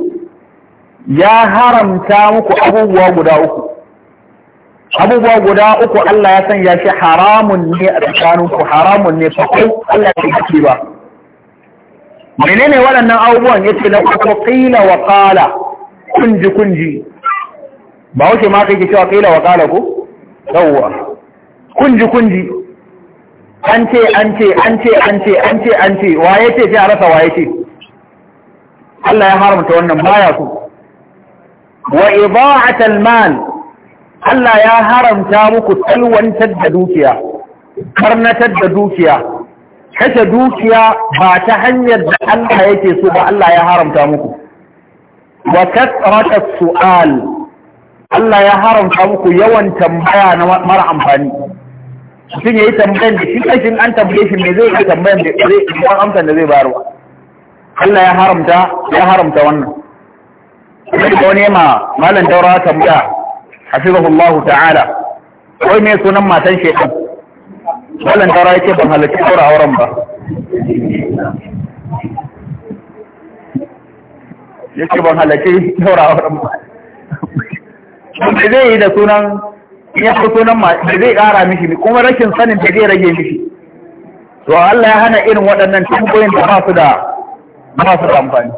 Speaker 1: ya haramta muku abubuwa guda uku abubuwa guda uku Allah ya san ya shi haramun ne a tsakaninku haramun ne fakai Allah ya kake ba menene waɗannan abubuwan yace la qila wa qala kunji kunji ba wuce ma kake cewa qila wa qala ko yawwa kunji kunji an ce an ce an ce an ce an ce an ce waye ce sai a rasa waye ce Allah ya haramta wannan baya so wa ida'atul mal Allah ya haramta muku talwantar da dukiya karnatar da dukiya kashe dukiya ba ta hanyar da Allah yake so ba Allah ya haramta muku wa kasratas su'al Allah ya haramta muku yawan tambaya na mara amfani mutum ya yi tambayan da shi kashin an tambaye shi me zai yi tambayan da zai kuma amsa da zai bayarwa Allah ya haramta ya haramta wannan sai da wani ma malam daura tambaya Allah ta'ala wai me sunan matan shekan
Speaker 2: malam daura yake ban halarci daura auren ba
Speaker 1: yake ban halarci daura auren ba me zai yi da sunan in ya fito nan ma da zai ƙara mishi kuma rashin sanin ta zai rage mishi to Allah ya hana irin waɗannan tambayoyin da ba su da ba su da amfani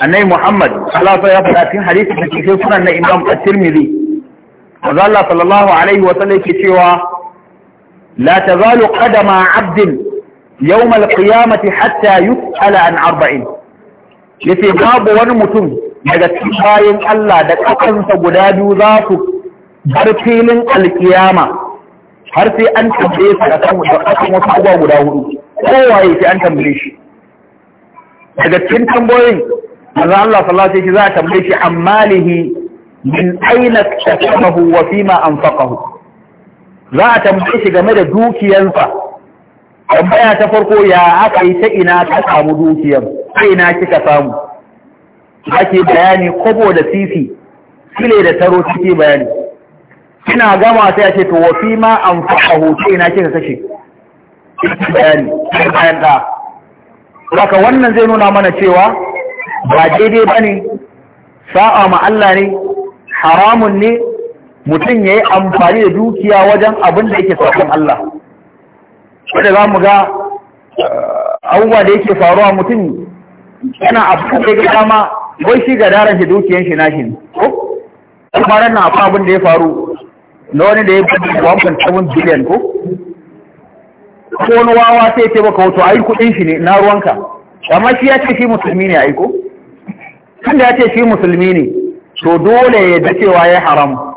Speaker 1: annai Muhammad sallallahu ya faɗa cikin hadisi da ke sunan na Imam At-Tirmidhi manzo Allah sallallahu alaihi wa sallam yake cewa la tazalu qadama 'abdin yawm al-qiyamati hatta yus'ala an arba'in yace babu wani mutum daga cikin bayan Allah da kakansa guda biyu za su bar filin alkiyama har sai an tambaye su a kan wasu abubuwa guda hudu kowaye sai an tambaye shi daga cikin tambayoyin manzon Allah sallallahu alaihi wasallam za a tambaye shi amalihi min aina kashafahu wa fima anfaqahu za a tambaye shi game da dukiyansa tambaya ta farko ya aka yi ta ina ka samu dukiyar ta ina kika samu ake bayani kobo da sisi sile da taro take bayani kina gama sai yace ce to wa fi ma an faɗa hoto ina kika kashe bayani bayan da haka wannan zai nuna mana cewa
Speaker 2: ba daidai ba ne
Speaker 1: sa'a ma Allah ne haramun ne mutum ya yi amfani da dukiya wajen abin da yake saukan Allah wadda za mu ga eh, abubuwa da yake faruwa mutum yana abu da ya gama wai shi ga daren shi dukiyan shi na shi ne ko? na abin da ya faru na wani da ya fi wankan tsawon biliyan ko ko wani wawa sai ce baka wato ayi kudin shi ne na ruwanka amma shi ya ce shi musulmi ne aiko tunda ya ce shi musulmi ne to dole ya da cewa ya haram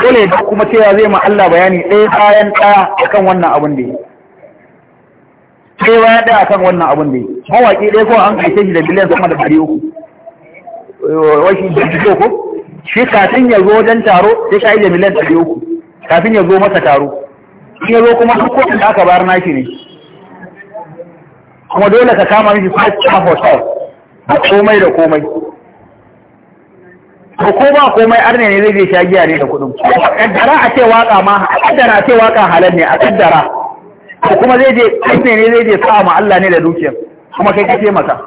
Speaker 1: dole ya kuma cewa zai ma Allah bayani ɗaya bayan ɗaya akan wannan abin da ya ɗaya bayan ɗaya akan wannan abin da ya mawaƙi ɗaya ko an kai shi da biliyan sama da ɗari uku wai shi ko shi kafin ya zo wajen taro sai shayi da miliyan ɗari uku kafin ya zo masa taro in ya zo kuma duk kotun da aka bayar naki ne kuma dole ka kama mishi five star hotel da komai da komai ko ko ba komai arne ne zai je sha giya ne da kuɗin kaddara a ce waka ma a kaddara a ce waka halal ne a kaddara ko kuma zai je arne ne zai je sa'a ma Allah ne da dukiya kuma kai kake maka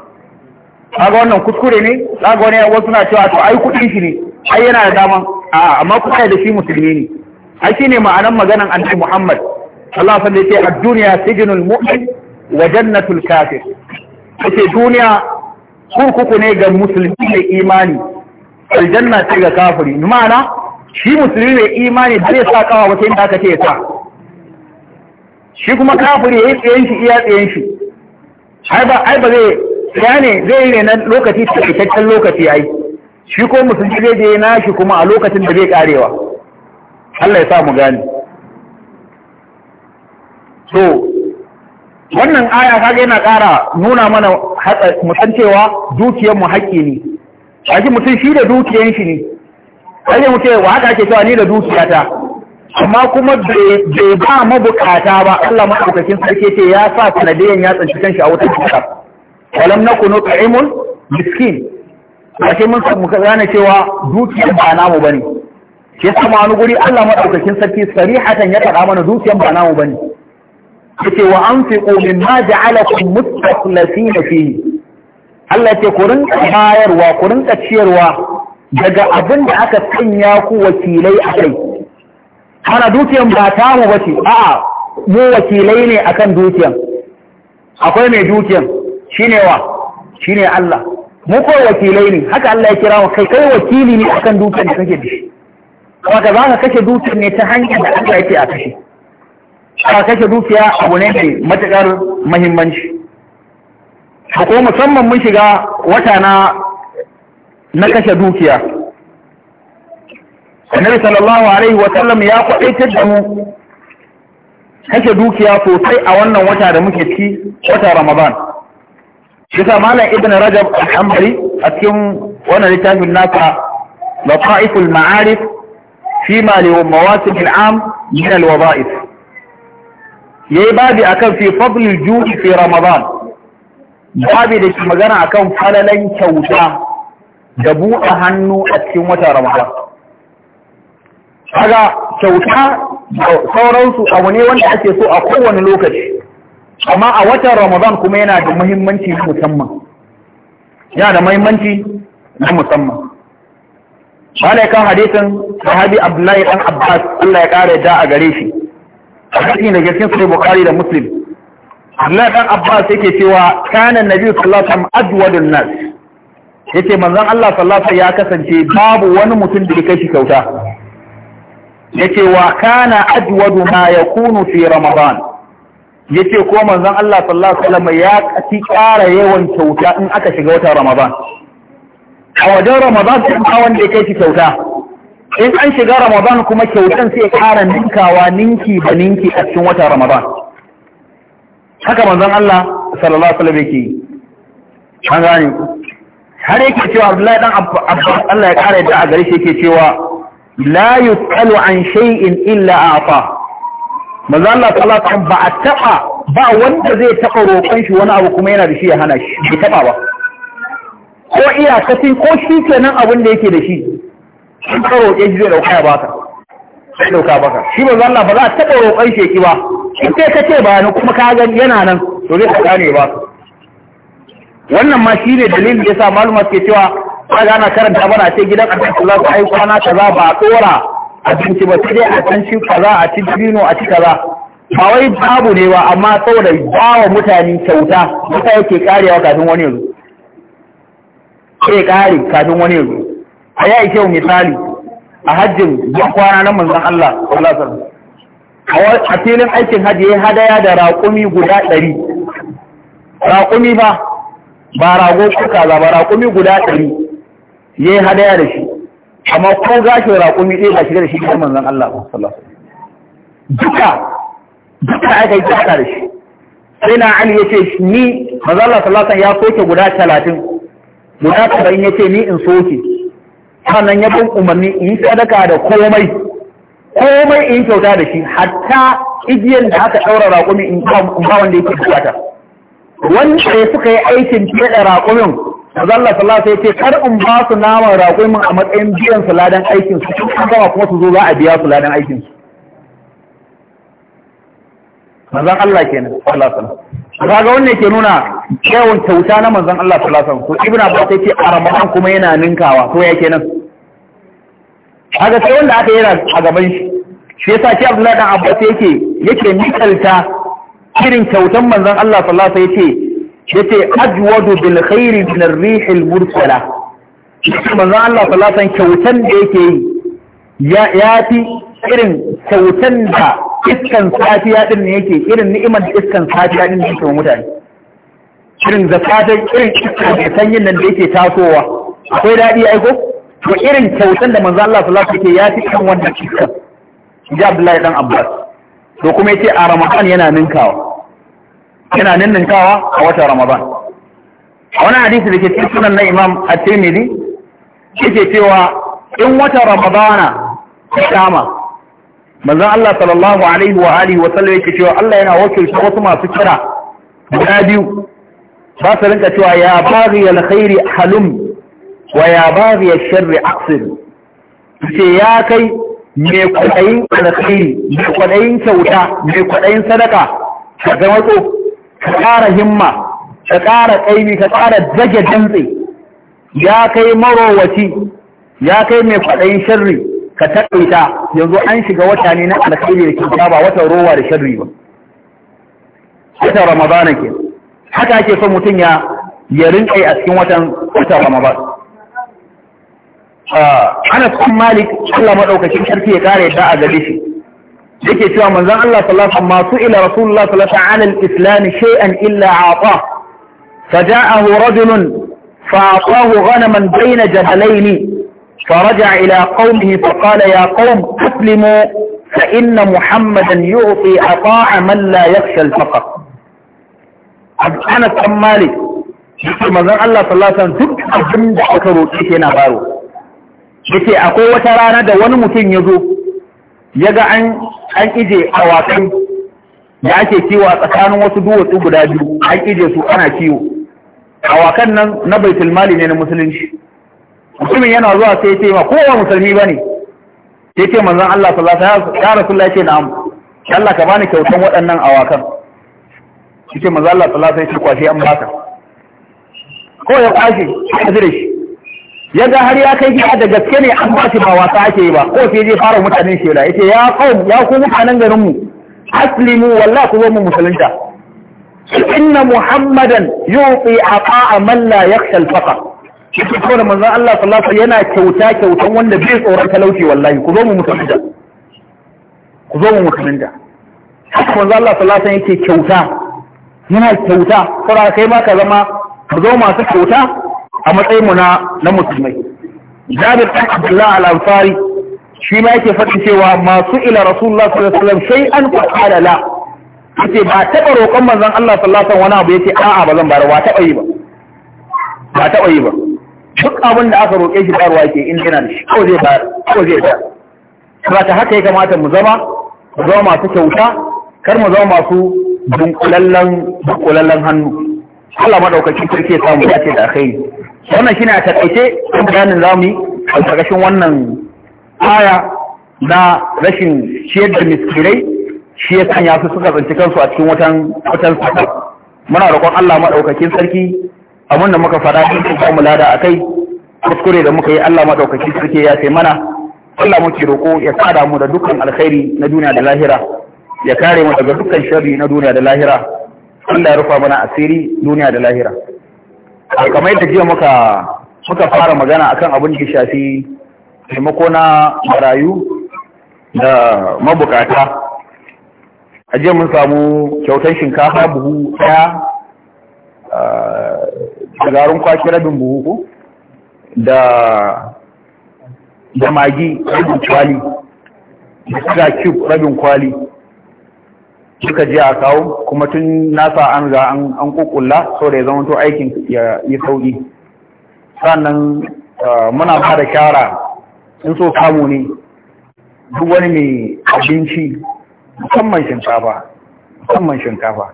Speaker 1: kaga wannan kuskure ne kaga wani wasu na cewa to ai kudin shi ne ai yana da daman a amma ku kai da shi musulmi ne ai shine ma'anar maganan annabi Muhammad Allah sallallahu alaihi wasallam ad-dunya sijnul mu'min wa jannatul kafir yace duniya kurkuku ne ga musulmi mai imani aljanna ce ga kafiri ma'ana shi musulmi mai imani ba zai sa kawa wata inda aka ce ya sa shi kuma kafiri yayi tsayen shi iya tsayen shi ai ba ai ba zai ya ne zai ne na lokaci takaitaccen lokaci ai shi ko musulmi zai je nashi kuma a lokacin da zai karewa Allah ya sa mu gani so wannan aya kaga yana ƙara nuna mana mutan cewa dukiyar mu haƙƙi ne kage mutum shi da dukiyar shi ne kage mutun wa haka ake cewa ni da dukiyata amma kuma bai ba mabukata ba Allah madaukakin sarki ce ya sa sanadiyan ya tsinci kanshi a wutar jihar walam nakunu ta'imun miskin ake mun san muka gane cewa dukiyar ba namu bane shi yasa ma wani guri Allah madaukakin sarki sarihatan ya faɗa mana dukiyar ba namu bane yace wa anfiqu mimma ja'alakum mustakhlifina fihi Allah ce ku rinka bayarwa ku rinka ciyarwa daga abin da aka sanya ku wakilai a kai hana dukiyar ba ta mu bace a'a mu wakilai ne akan dukiyar. akwai mai dukiyar shine wa shine Allah mu ko wakilai ne haka Allah ya kira wa kai kai wakili ne akan dukiyar da kake da shi kuma ka zaka kashe dukiyar ne ta hanyar da Allah ya ce a kashe a kashe dukiya abu ne mai matakar muhimmanci ko musamman mun shiga wata na na kashe dukiya Annabi sallallahu alaihi wa sallam ya kwaɗaitar da mu kashe dukiya sosai a wannan wata da muke ciki wata Ramadan bisa malam ibn rajab al-hanbali a cikin wannan littafin naka laqa'iful ma'arif fi ma li mawasim al-am min al-wada'if yayi babi akan fi fadl al fi ramadan babi da magana akan falalan kyauta da buɗe hannu a cikin watan ramadan kaga kyauta sauransu abu ne wanda ake so a kowane lokaci amma a watan ramadan kuma yana da muhimmanci na musamman yana da muhimmanci na musamman bala kan hadisin sahabi abdullahi dan abbas Allah ya kare da a gare shi cikin da gaskiya sai bukhari da muslim abdullahi dan abbas yake cewa kanan nabi sallallahu alaihi wasallam adwadun nas yace manzon Allah sallallahu ya kasance babu wani mutum da ya shi kyauta yace wa kana adwadu ma yakunu fi ramadan ya ce ko manzan Allah sallallahu Alaihi wasallam ya fi ƙara yawan kyauta in aka shiga wata Ramadan. A wajen Ramadan sun kawon da ya kai shi kyauta. In an shiga Ramadan kuma kyautan sai ƙara ninkawa ninki ba ninki a cikin wata Ramadan. Haka manzan Allah sallallahu Alaihi wasallam ke yi. An gane. Har yake cewa Abdullahi dan Abbas Allah ya ƙara yadda a gare shi yake cewa la yusalu an shay'in illa a'ta. maza Allah sallallahu alaihi ba a taɓa ba wanda zai taɓa roƙon shi wani abu kuma yana da shi ya hana shi bai taɓa ba ko iyakacin ko shi ke nan abin da yake da shi in ka roƙe shi zai ɗauka ya baka sai ɗauka baka shi maza Allah ba za a taɓa roƙon shi yake ba in kai kace bayanin kuma ka ga yana nan to zai ka gane ba wannan ma shi ne dalilin da sa maluma ke cewa kaga gana karanta mana ce gidan annabi sallallahu alaihi wasallam kwana kaza ba a tsora abinci ba sai dai a can shi kaza a ci dino a ci kaza ba wai babu ne ba amma saboda ba wa mutane kyauta duka yake karewa kafin wani yanzu sai kare kafin wani yanzu a ya ishe misali a hajjin ya kwana na manzan Allah sallallahu alaihi wasallam a filin aikin hajji ya hadaya da raƙumi guda ɗari raƙumi ba ba rago suka ba raƙumi guda ɗari ya hadaya da shi amma ko gashin raƙumi ɗaya ba shiga da shi gidan zan Allah ba sallallahu duka duka aka yi tsaka da shi sai na Ali ya ce ni manzon Allah sallallahu ya soke guda talatin guda saba'in ya ce ni in soke sannan ya bin umarni in yi sadaka da komai komai in kyauta da shi hatta igiyar da aka ɗaura raƙumi in ba wanda yake bukata wanda suka yi aikin fiye da raƙumin Allah sallallahu alaihi ce kar in ba su naman raƙumin a matsayin biyan su ladan aikin su kun gama kuma su zo za a biya su ladan aikin su manzon Allah kenan sallallahu alaihi wasallam kaga wannan ke nuna yawan kyauta na manzon Allah sallallahu alaihi wasallam to ibnu abbas yace a ramadan kuma yana ninkawa to ya kenan kaga sai wanda aka yi a gaban shi shi yasa shi Abdullahi dan Abbas yake yake mikalta irin kyautan manzon Allah sallallahu alaihi wasallam yace yace ajwadu bil khairi min ar-rih al-mursala manzo Allah sallallahu kyautan da yake yi ya fi irin kyautan da iskan safiya din ne yake irin ni'imar da iskan safiya din ne yake wa mutane irin zakatan irin iskan da sanyin nan da yake tasowa akwai daɗi aiko to irin kyautan da manzo Allah sallallahu alaihi wasallam yake ya fi kan wannan iskan ya Abdullahi dan Abbas to kuma yace a Ramadan yana ninkawa yana ninninkawa a watan Ramadan a wani hadisi da ke cikin sunan na Imam At-Tirmidhi yake cewa in watan Ramadana ya kama manzon Allah sallallahu alaihi wa alihi wa sallam yake cewa Allah yana wakilta wasu masu kira guda biyu ba su rinka cewa ya baghi alkhairi halum wa ya baghi ash-sharri aqsir ce ya kai me kwadayin alkhairi me kwadayin kyauta me kwadayin sadaka ka zama tsofi ka ƙara himma ka ƙara ƙaimi ka ƙara dage dantse ya kai marowaci ya kai mai kwaɗayin shirri ka taƙaita yanzu an shiga wata ne na alkhairi da kyauta ba wata rowa da shirri ba Wata ramadana ke haka ake son mutum ya ya rinƙai a cikin watan wata ramadana ah, ana cikin malik Allah maɗaukacin sarki ya ƙara ta a gare shi yake cewa manzon Allah sallallahu alaihi wasallam masu ila rasulullah sallallahu alaihi wasallam islam shay'an illa ata faja'ahu rajulun fa'atahu ghanaman bayna jabalaini فرجع إلى قومه فقال يا قوم أسلموا فإن محمدا يعطي عطاء من لا يخشى الفقر أنا تمالي yake manzon Allah sallallahu alaihi wasallam duk abin da aka roƙe shi yana baro yake akwai wata rana da wani mutum ya zo ya ga an ije awakai da ake kiwo a tsakanin wasu duwatsu guda biyu an ije su ana kiwo awakan nan na bai mali ne na musulunci mutumin yana zuwa sai ce ma kowa musulmi ba ne sai ce manzan Allah sallallahu alaihi wasallam ya rasulullahi ce na'am Allah ka bani kyautan waɗannan awakan shi ce manzan Allah sallallahu alaihi wasallam sai ce kwashe an baka ko ya kwashe a da shi yaga har ya kai gida da gaske ne an bashi ba wasa ake yi ba ko sai zai fara mutanen shela yace ya qaum ya ku mutanen garin mu aslimu wallahi ku zo mu musulunta inna muhammadan yuti ata'a man la yakhsha al-faqr kike ko manzon Allah sallallahu alaihi yana kyauta kyautan wanda bai tsoron talauci wallahi ku zo mu musulunta ku zo mu musulunta haka manzon Allah sallallahu alaihi yake kyauta yana kyauta kuma kai ma ka zama ku zo masu kyauta a matsayin mu na na musulmai jabir ɗan abdullah al-ansari shi ma yake faɗi cewa masu ila rasulullah sallallahu alaihi wasallam sai an fa'ala la yace ba taɓa roƙon manzon Allah sallallahu alaihi wasallam wani abu yace a'a ba zan bayar ba taɓa yi ba ba taɓa yi ba duk abin da aka roƙe shi bayarwa yake in yana da shi ko zai bayar ko zai bayar ba ta haka ya kamata mu zama mu zama masu kyauta kar mu zama masu dunkulallen dunkulallen hannu Allah madaukakin sarki ya samu dace da akai wannan shine a takaice kan za zamu yi a ƙarƙashin wannan aya na rashin ciyar da miskirai shi ya sanya su suka tsinci kansu a cikin watan watan sata muna roƙon Allah maɗaukakin sarki abin da muka fara ko samu lada kai, kuskure da muka yi Allah madaukakin sarki ya sai mana Allah muke roƙo ya kada mu da dukkan alkhairi na duniya da lahira ya kare mu daga dukkan sharri na duniya da lahira Allah ya rufa mana asiri duniya da lahira kamar yadda jiya muka muka fara magana akan abin da shafi taimako na marayu da mabukata a jiya mun samu kyautar shinkafa buhu ɗaya eh, da garin kwashi rabin buhu ko da da magi rabin kwali da suga cube rabin kwali suka je a kawo kuma tun nasa an ga an kukulla so da ya zama to aikin ya yi sauki sannan ah, muna ba da shara in so kamu ne duk wani mai abinci musamman shinkafa musamman shinkafa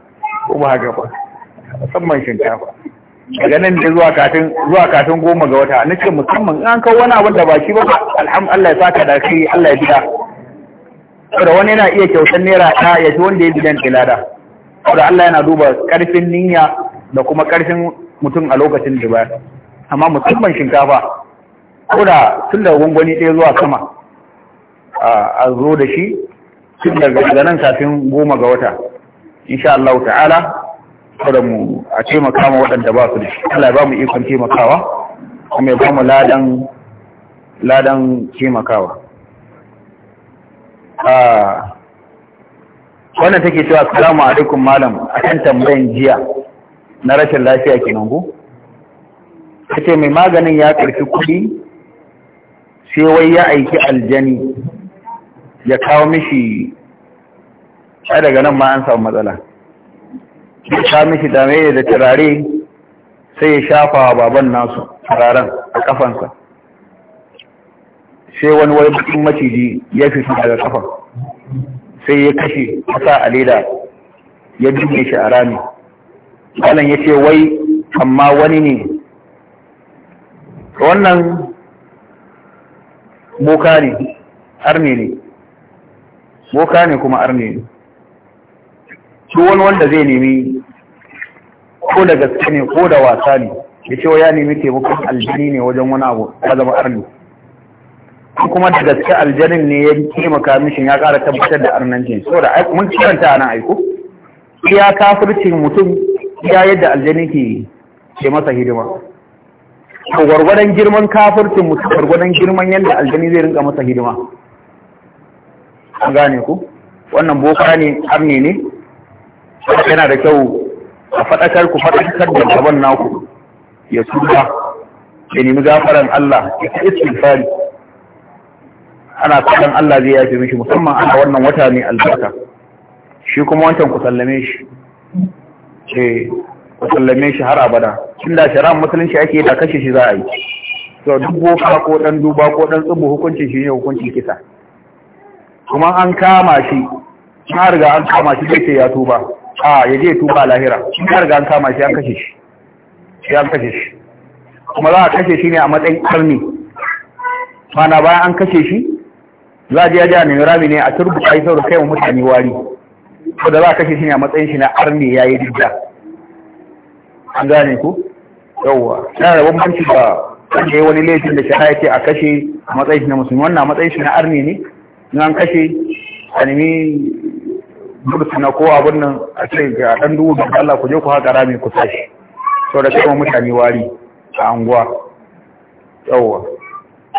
Speaker 1: ko ba haka ba musamman shinkafa daga nan da zuwa katin zuwa katin goma ga wata nake musamman an kawo wani abin da baki ba alhamdulillah ya saka da kai Allah ya biya saboda wani yana iya kyautar naira ɗaya ya ji wanda ya bidan ilada saboda Allah yana duba ƙarfin niyya da kuma ƙarfin mutum a lokacin da bayar amma musamman shinkafa ko da tun da gwangwani ɗaya zuwa sama a zo da shi tun daga nan kafin goma ga wata insha Allah ta'ala saboda mu a taimaka ma waɗanda ba su da shi Allah ya ba mu ikon taimakawa kuma ya ba mu ladan taimakawa Ah. wannan take cewa salamu alaikum malam akan tambayan jiya na rashin lafiya kenan ko kace mai maganin ya karfi kuɗi sai wai ya aiki aljani ya kawo mishi sai daga nan ma an samu matsala ya kawo mishi dame da turare sai ya shafa wa baban nasu turaren a kafansa sai wani wani bakin maciji ya fi sun daga kafa sai ya kashe kasa a leda ya dubbe shi a rami malam ya ce wai amma wani ne wannan boka ne arne ne boka ne kuma arne ne su wani wanda zai nemi ko da gaske ne ko da wasa ne ya ce wa ya nemi taimakon aljini ne wajen wani abu ta zama arne kuma da gaske aljanin ne ya taimaka mishin ya ƙara tabbatar da arnancin so da mun kiranta a nan aiko iya kafircin mutum iya yadda aljanin ke ke masa hidima to gwargwadon girman kafircin mutum gwargwadon girman yadda aljani zai rinka masa hidima an gane ku wannan boka ne arne ne yana da kyau a faɗakar ku faɗakar da gaban naku ya tuba ya nemi gafaran Allah ya istighfari ana fatan Allah zai yafe mishi musamman ana wannan wata ne albarka shi kuma wancan ku sallame shi ce eh, ku sallame shi har abada tun da shari'ar musulunci ake da kashe shi za a yi to duk boka ko dan duba ko dan tsubu hukuncin shi ne hukuncin kisa kuma an kama shi an riga an kama shi zai ce ya tuba a ya je tuba lahira an riga an kama shi an kashe shi sai an kashe shi kuma za a kashe shi ne a matsayin karni mana bayan an kashe shi za ji ya mai rami ne a a yi saboda kai wa mutane wari ko da za a kashe shi ne a matsayin shi na arne ya yi dida an gane ku yauwa na da bambanci da wanda yi wani laifin da ya ce a kashe a matsayin shi na musulmi wannan a matsayin shi na arne ne in an kashe a nemi burtu na ko abin nan a ce ga dan dubu da Allah ku je ku haƙa rami ku sashi saboda kai wa mutane wari a anguwa yawwa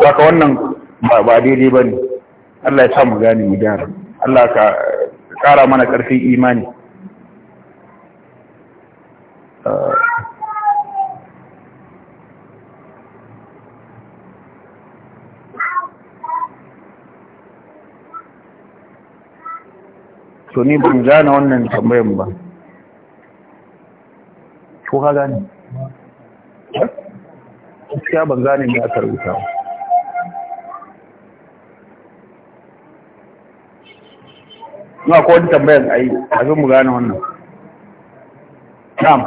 Speaker 1: saka wannan ba daidai ba ne Allah ya sa mu gane mu gyara Allah ka ƙara mana ƙarfin imani Toni ban gane wannan tambayan ba ko ka gane? Ya ban gane ne aka rubuta ba ma ko wani tambayar a yi kafin mu gane wannan na'am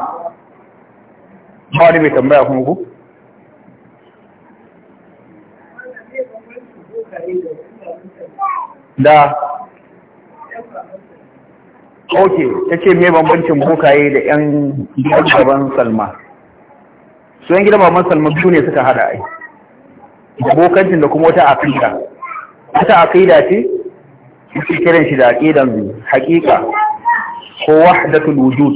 Speaker 1: ba wani mai tambaya kuma ku da ok ta ce mai bambancin bukaye da 'yan gaban salma su yan gida baban salma biyu ne suka hada ai da bukancin da kuma wata Afirka. wata afirka ce yake kiran shi da aqidan biyu haqiqa ko wahdatul wujud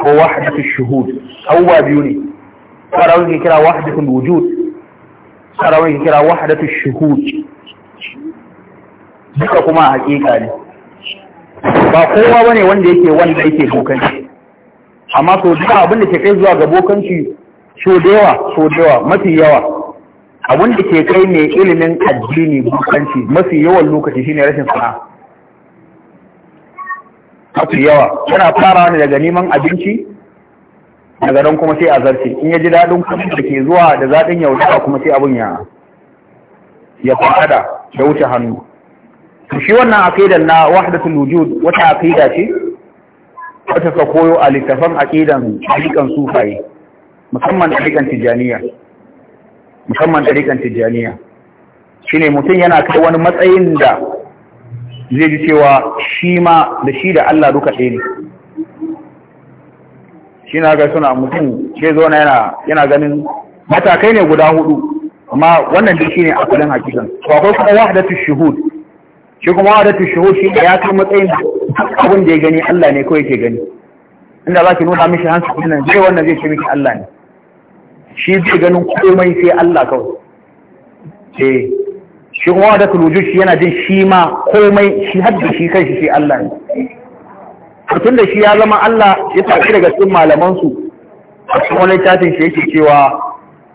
Speaker 2: ko wahdatul
Speaker 1: shuhud awwa biyu ne sarawin ke kira wahdatul wujud sarawin ke kira wahdatul shuhud duka kuma haqiqa ne ba kowa bane wanda yake wanda yake shi amma so duka abin da ke kai zuwa ga shi so dewa so dewa mafi yawa abin da ke kai mai ilimin addini bukanci mafi yawan lokaci shine rashin sana'a mafi yawa yana fara ne daga neman abinci daga nan kuma sai a zarce in ya ji daɗin kuɗin da ke zuwa da zaɗin a kuma sai abin ya ya fada da wuce hannu to shi wannan aqidan na wahdatul wujud wata aqida ce wata ta koyo a littafan aqidan hakikan sufaye musamman hakikan tijaniya musamman ɗariƙan tijjaniya shi ne mutum yana kai wani matsayin da zai ji cewa shi ma da shi da Allah duka ɗaya ne shi na ga suna mutum ke zo na yana ganin matakai ne guda hudu amma wannan shi ne a kudin hakikan to akwai kuma wahdatu shuhud shi kuma wahdatu shuhud shi ya kai matsayin abin da ya gani Allah ne kawai ke gani inda za ki nuna mishi hansu nan zai wannan zai ce miki Allah ne shi zai ganin komai sai Allah kawai Ce, eh, shi kuma da kulu shi yana jin shi ma komai shi hadda shi kan shi Allah ne Mutum da shi ya zama Allah ya tafi daga cikin malaman su a cikin wani littafin shi yake cewa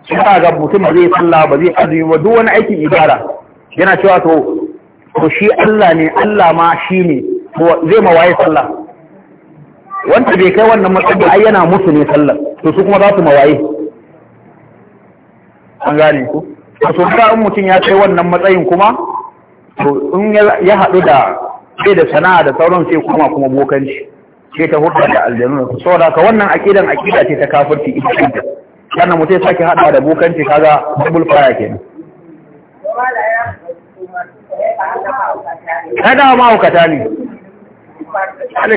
Speaker 1: suna ga mutum ba zai sallah ba zai azumi ba duk wani aikin ibada yana cewa to to shi Allah ne Allah ma shi ne zai ma waye sallah wanda bai kai wannan matsayi ai yana musu ne sallah to su kuma za su mawaye an gane ku a so ka in mutum ya kai wannan matsayin kuma to in ya haɗu da sai da sana'a da sauran sai kuma kuma bokanci sai ta hurɗa da aljanu saboda ka wannan aƙidan aƙida ce ta kafirci ita kanta sannan mutum ya sake haɗa da bokanci kaga double fire kenan
Speaker 2: kada ma hukata ne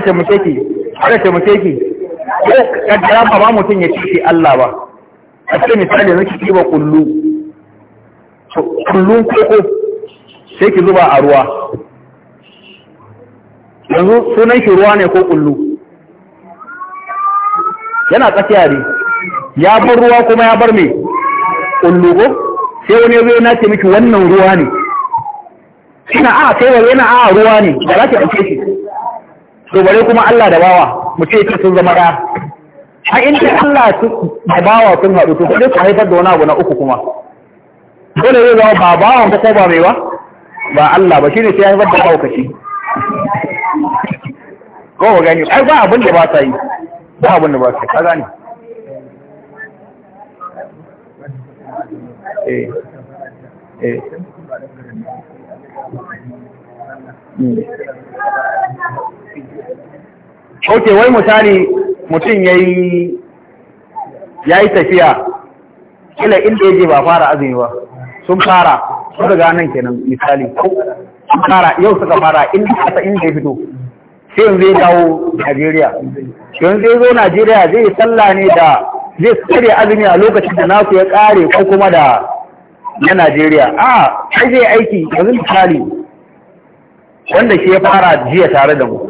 Speaker 2: ta mutaki ki. mutaki
Speaker 1: kaddara ba mutum ya ci Allah ba a cikin misali yanzu ki kiba kullu kullun koko sai ki zuba a ruwa yanzu sunan shi ruwa ne ko kullu yana tsakiya ne ya bar ruwa kuma ya bar me kullu ko sai wani zai na ce miki wannan ruwa ne ina a kai wa yana a ruwa ne da za ki ɗauke shi to bare kuma Allah da bawa mu ce sun zama ɗaya a inda Allah su babawa sun haɗu to sai ku haifar da wani abu na uku kuma dole zai zama ba bawan ka sai ba mai ba
Speaker 2: ba Allah ba shine sai haifar da haukaci ko ba gani ai ba abin da ba ta yi ba abin da ba ta yi ka gani eh eh
Speaker 1: hmm. Ok, wai misali mutum ya yi tafiya kila inda ya je ba fara azumi ba sun fara sun daga nan kenan misali sun fara yau suka fara inda kasa inda ya fito sai yanzu ya dawo Najeriya yanzu ya zo Najeriya zai yi sallah ne da zai tsare azumi a lokacin da naku ya kare ko kuma da na Najeriya a ai zai aiki yanzu misali wanda shi ya fara jiya tare da mu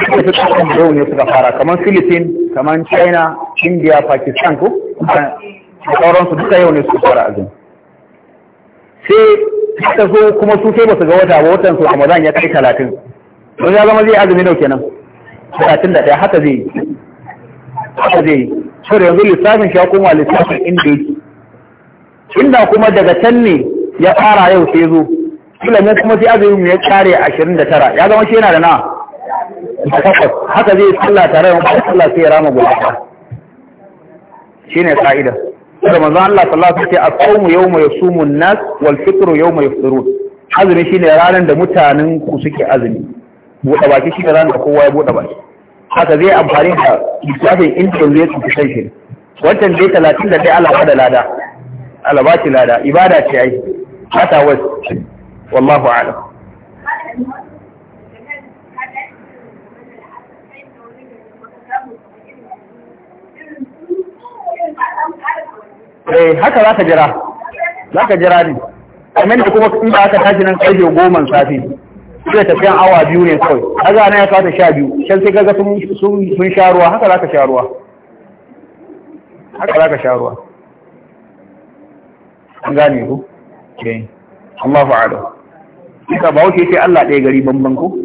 Speaker 1: suka fi kasan yau ne suka fara kamar philippines kamar china india pakistan ko da sauransu duka yau ne suka fara azumi sai ta zo kuma su sai ba su ga wata ba watan su ramadan ya kai talatin don ya zama zai azumi nau kenan talatin da ɗaya haka zai yi haka zai yi da yanzu lissafin shi ya koma lissafin inda yake inda kuma daga can ne ya fara yau sai zo kila ne kuma sai azumin ya kare ashirin da tara ya zama shi yana da na da takwas haka zai salla tare da wani salla sai ya rama gobata shi ne ka'idar da manzo Allah sallallahu alaihi wasallam ya asawmu yawma yasumun nas wal fitru yawma yafṭirun azumi shine ranar da mutanen ku suke azumi buɗe baki shine ranar da kowa ya buɗe baki haka zai amfani da lissafin intan zai tsufi sai shi wancan dai talatin da dai Allah da lada Allah ba lada ibada ce ai hata wasu wallahu a'lam eh haka za ka jira za ka jira ne kamar da kuma in ba aka tashi nan karfe goman safe zai tafiyan awa biyu ne kawai haza na ya kata sha biyu shan sai kaga sun sha ruwa haka za ka sha ruwa haka za ka sha ruwa an gane ku ke eh. Allah fa'ada ka ba wuce ce Allah ɗaya gari banban ku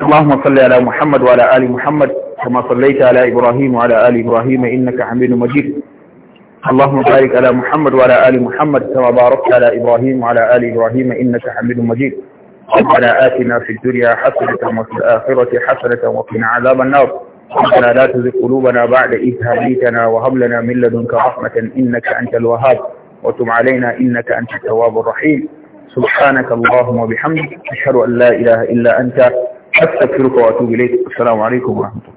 Speaker 1: اللهم صل على محمد وعلى آل محمد كما صليت على إبراهيم وعلى آل إبراهيم إنك حميد مجيد اللهم بارك على محمد وعلى آل محمد كما باركت على إبراهيم وعلى آل إبراهيم إنك حميد مجيد ربنا آتنا في الدنيا حسنة وفي الآخرة حسنة وقنا عذاب النار ربنا لا تزغ قلوبنا بعد إذ هديتنا وهب لنا من لدنك رحمة إنك أنت الوهاب وتب علينا إنك أنت التواب الرحيم سبحانك اللهم وبحمدك أشهد أن لا إله إلا أنت أستغفرك وأتوب إليك السلام عليكم ورحمة الله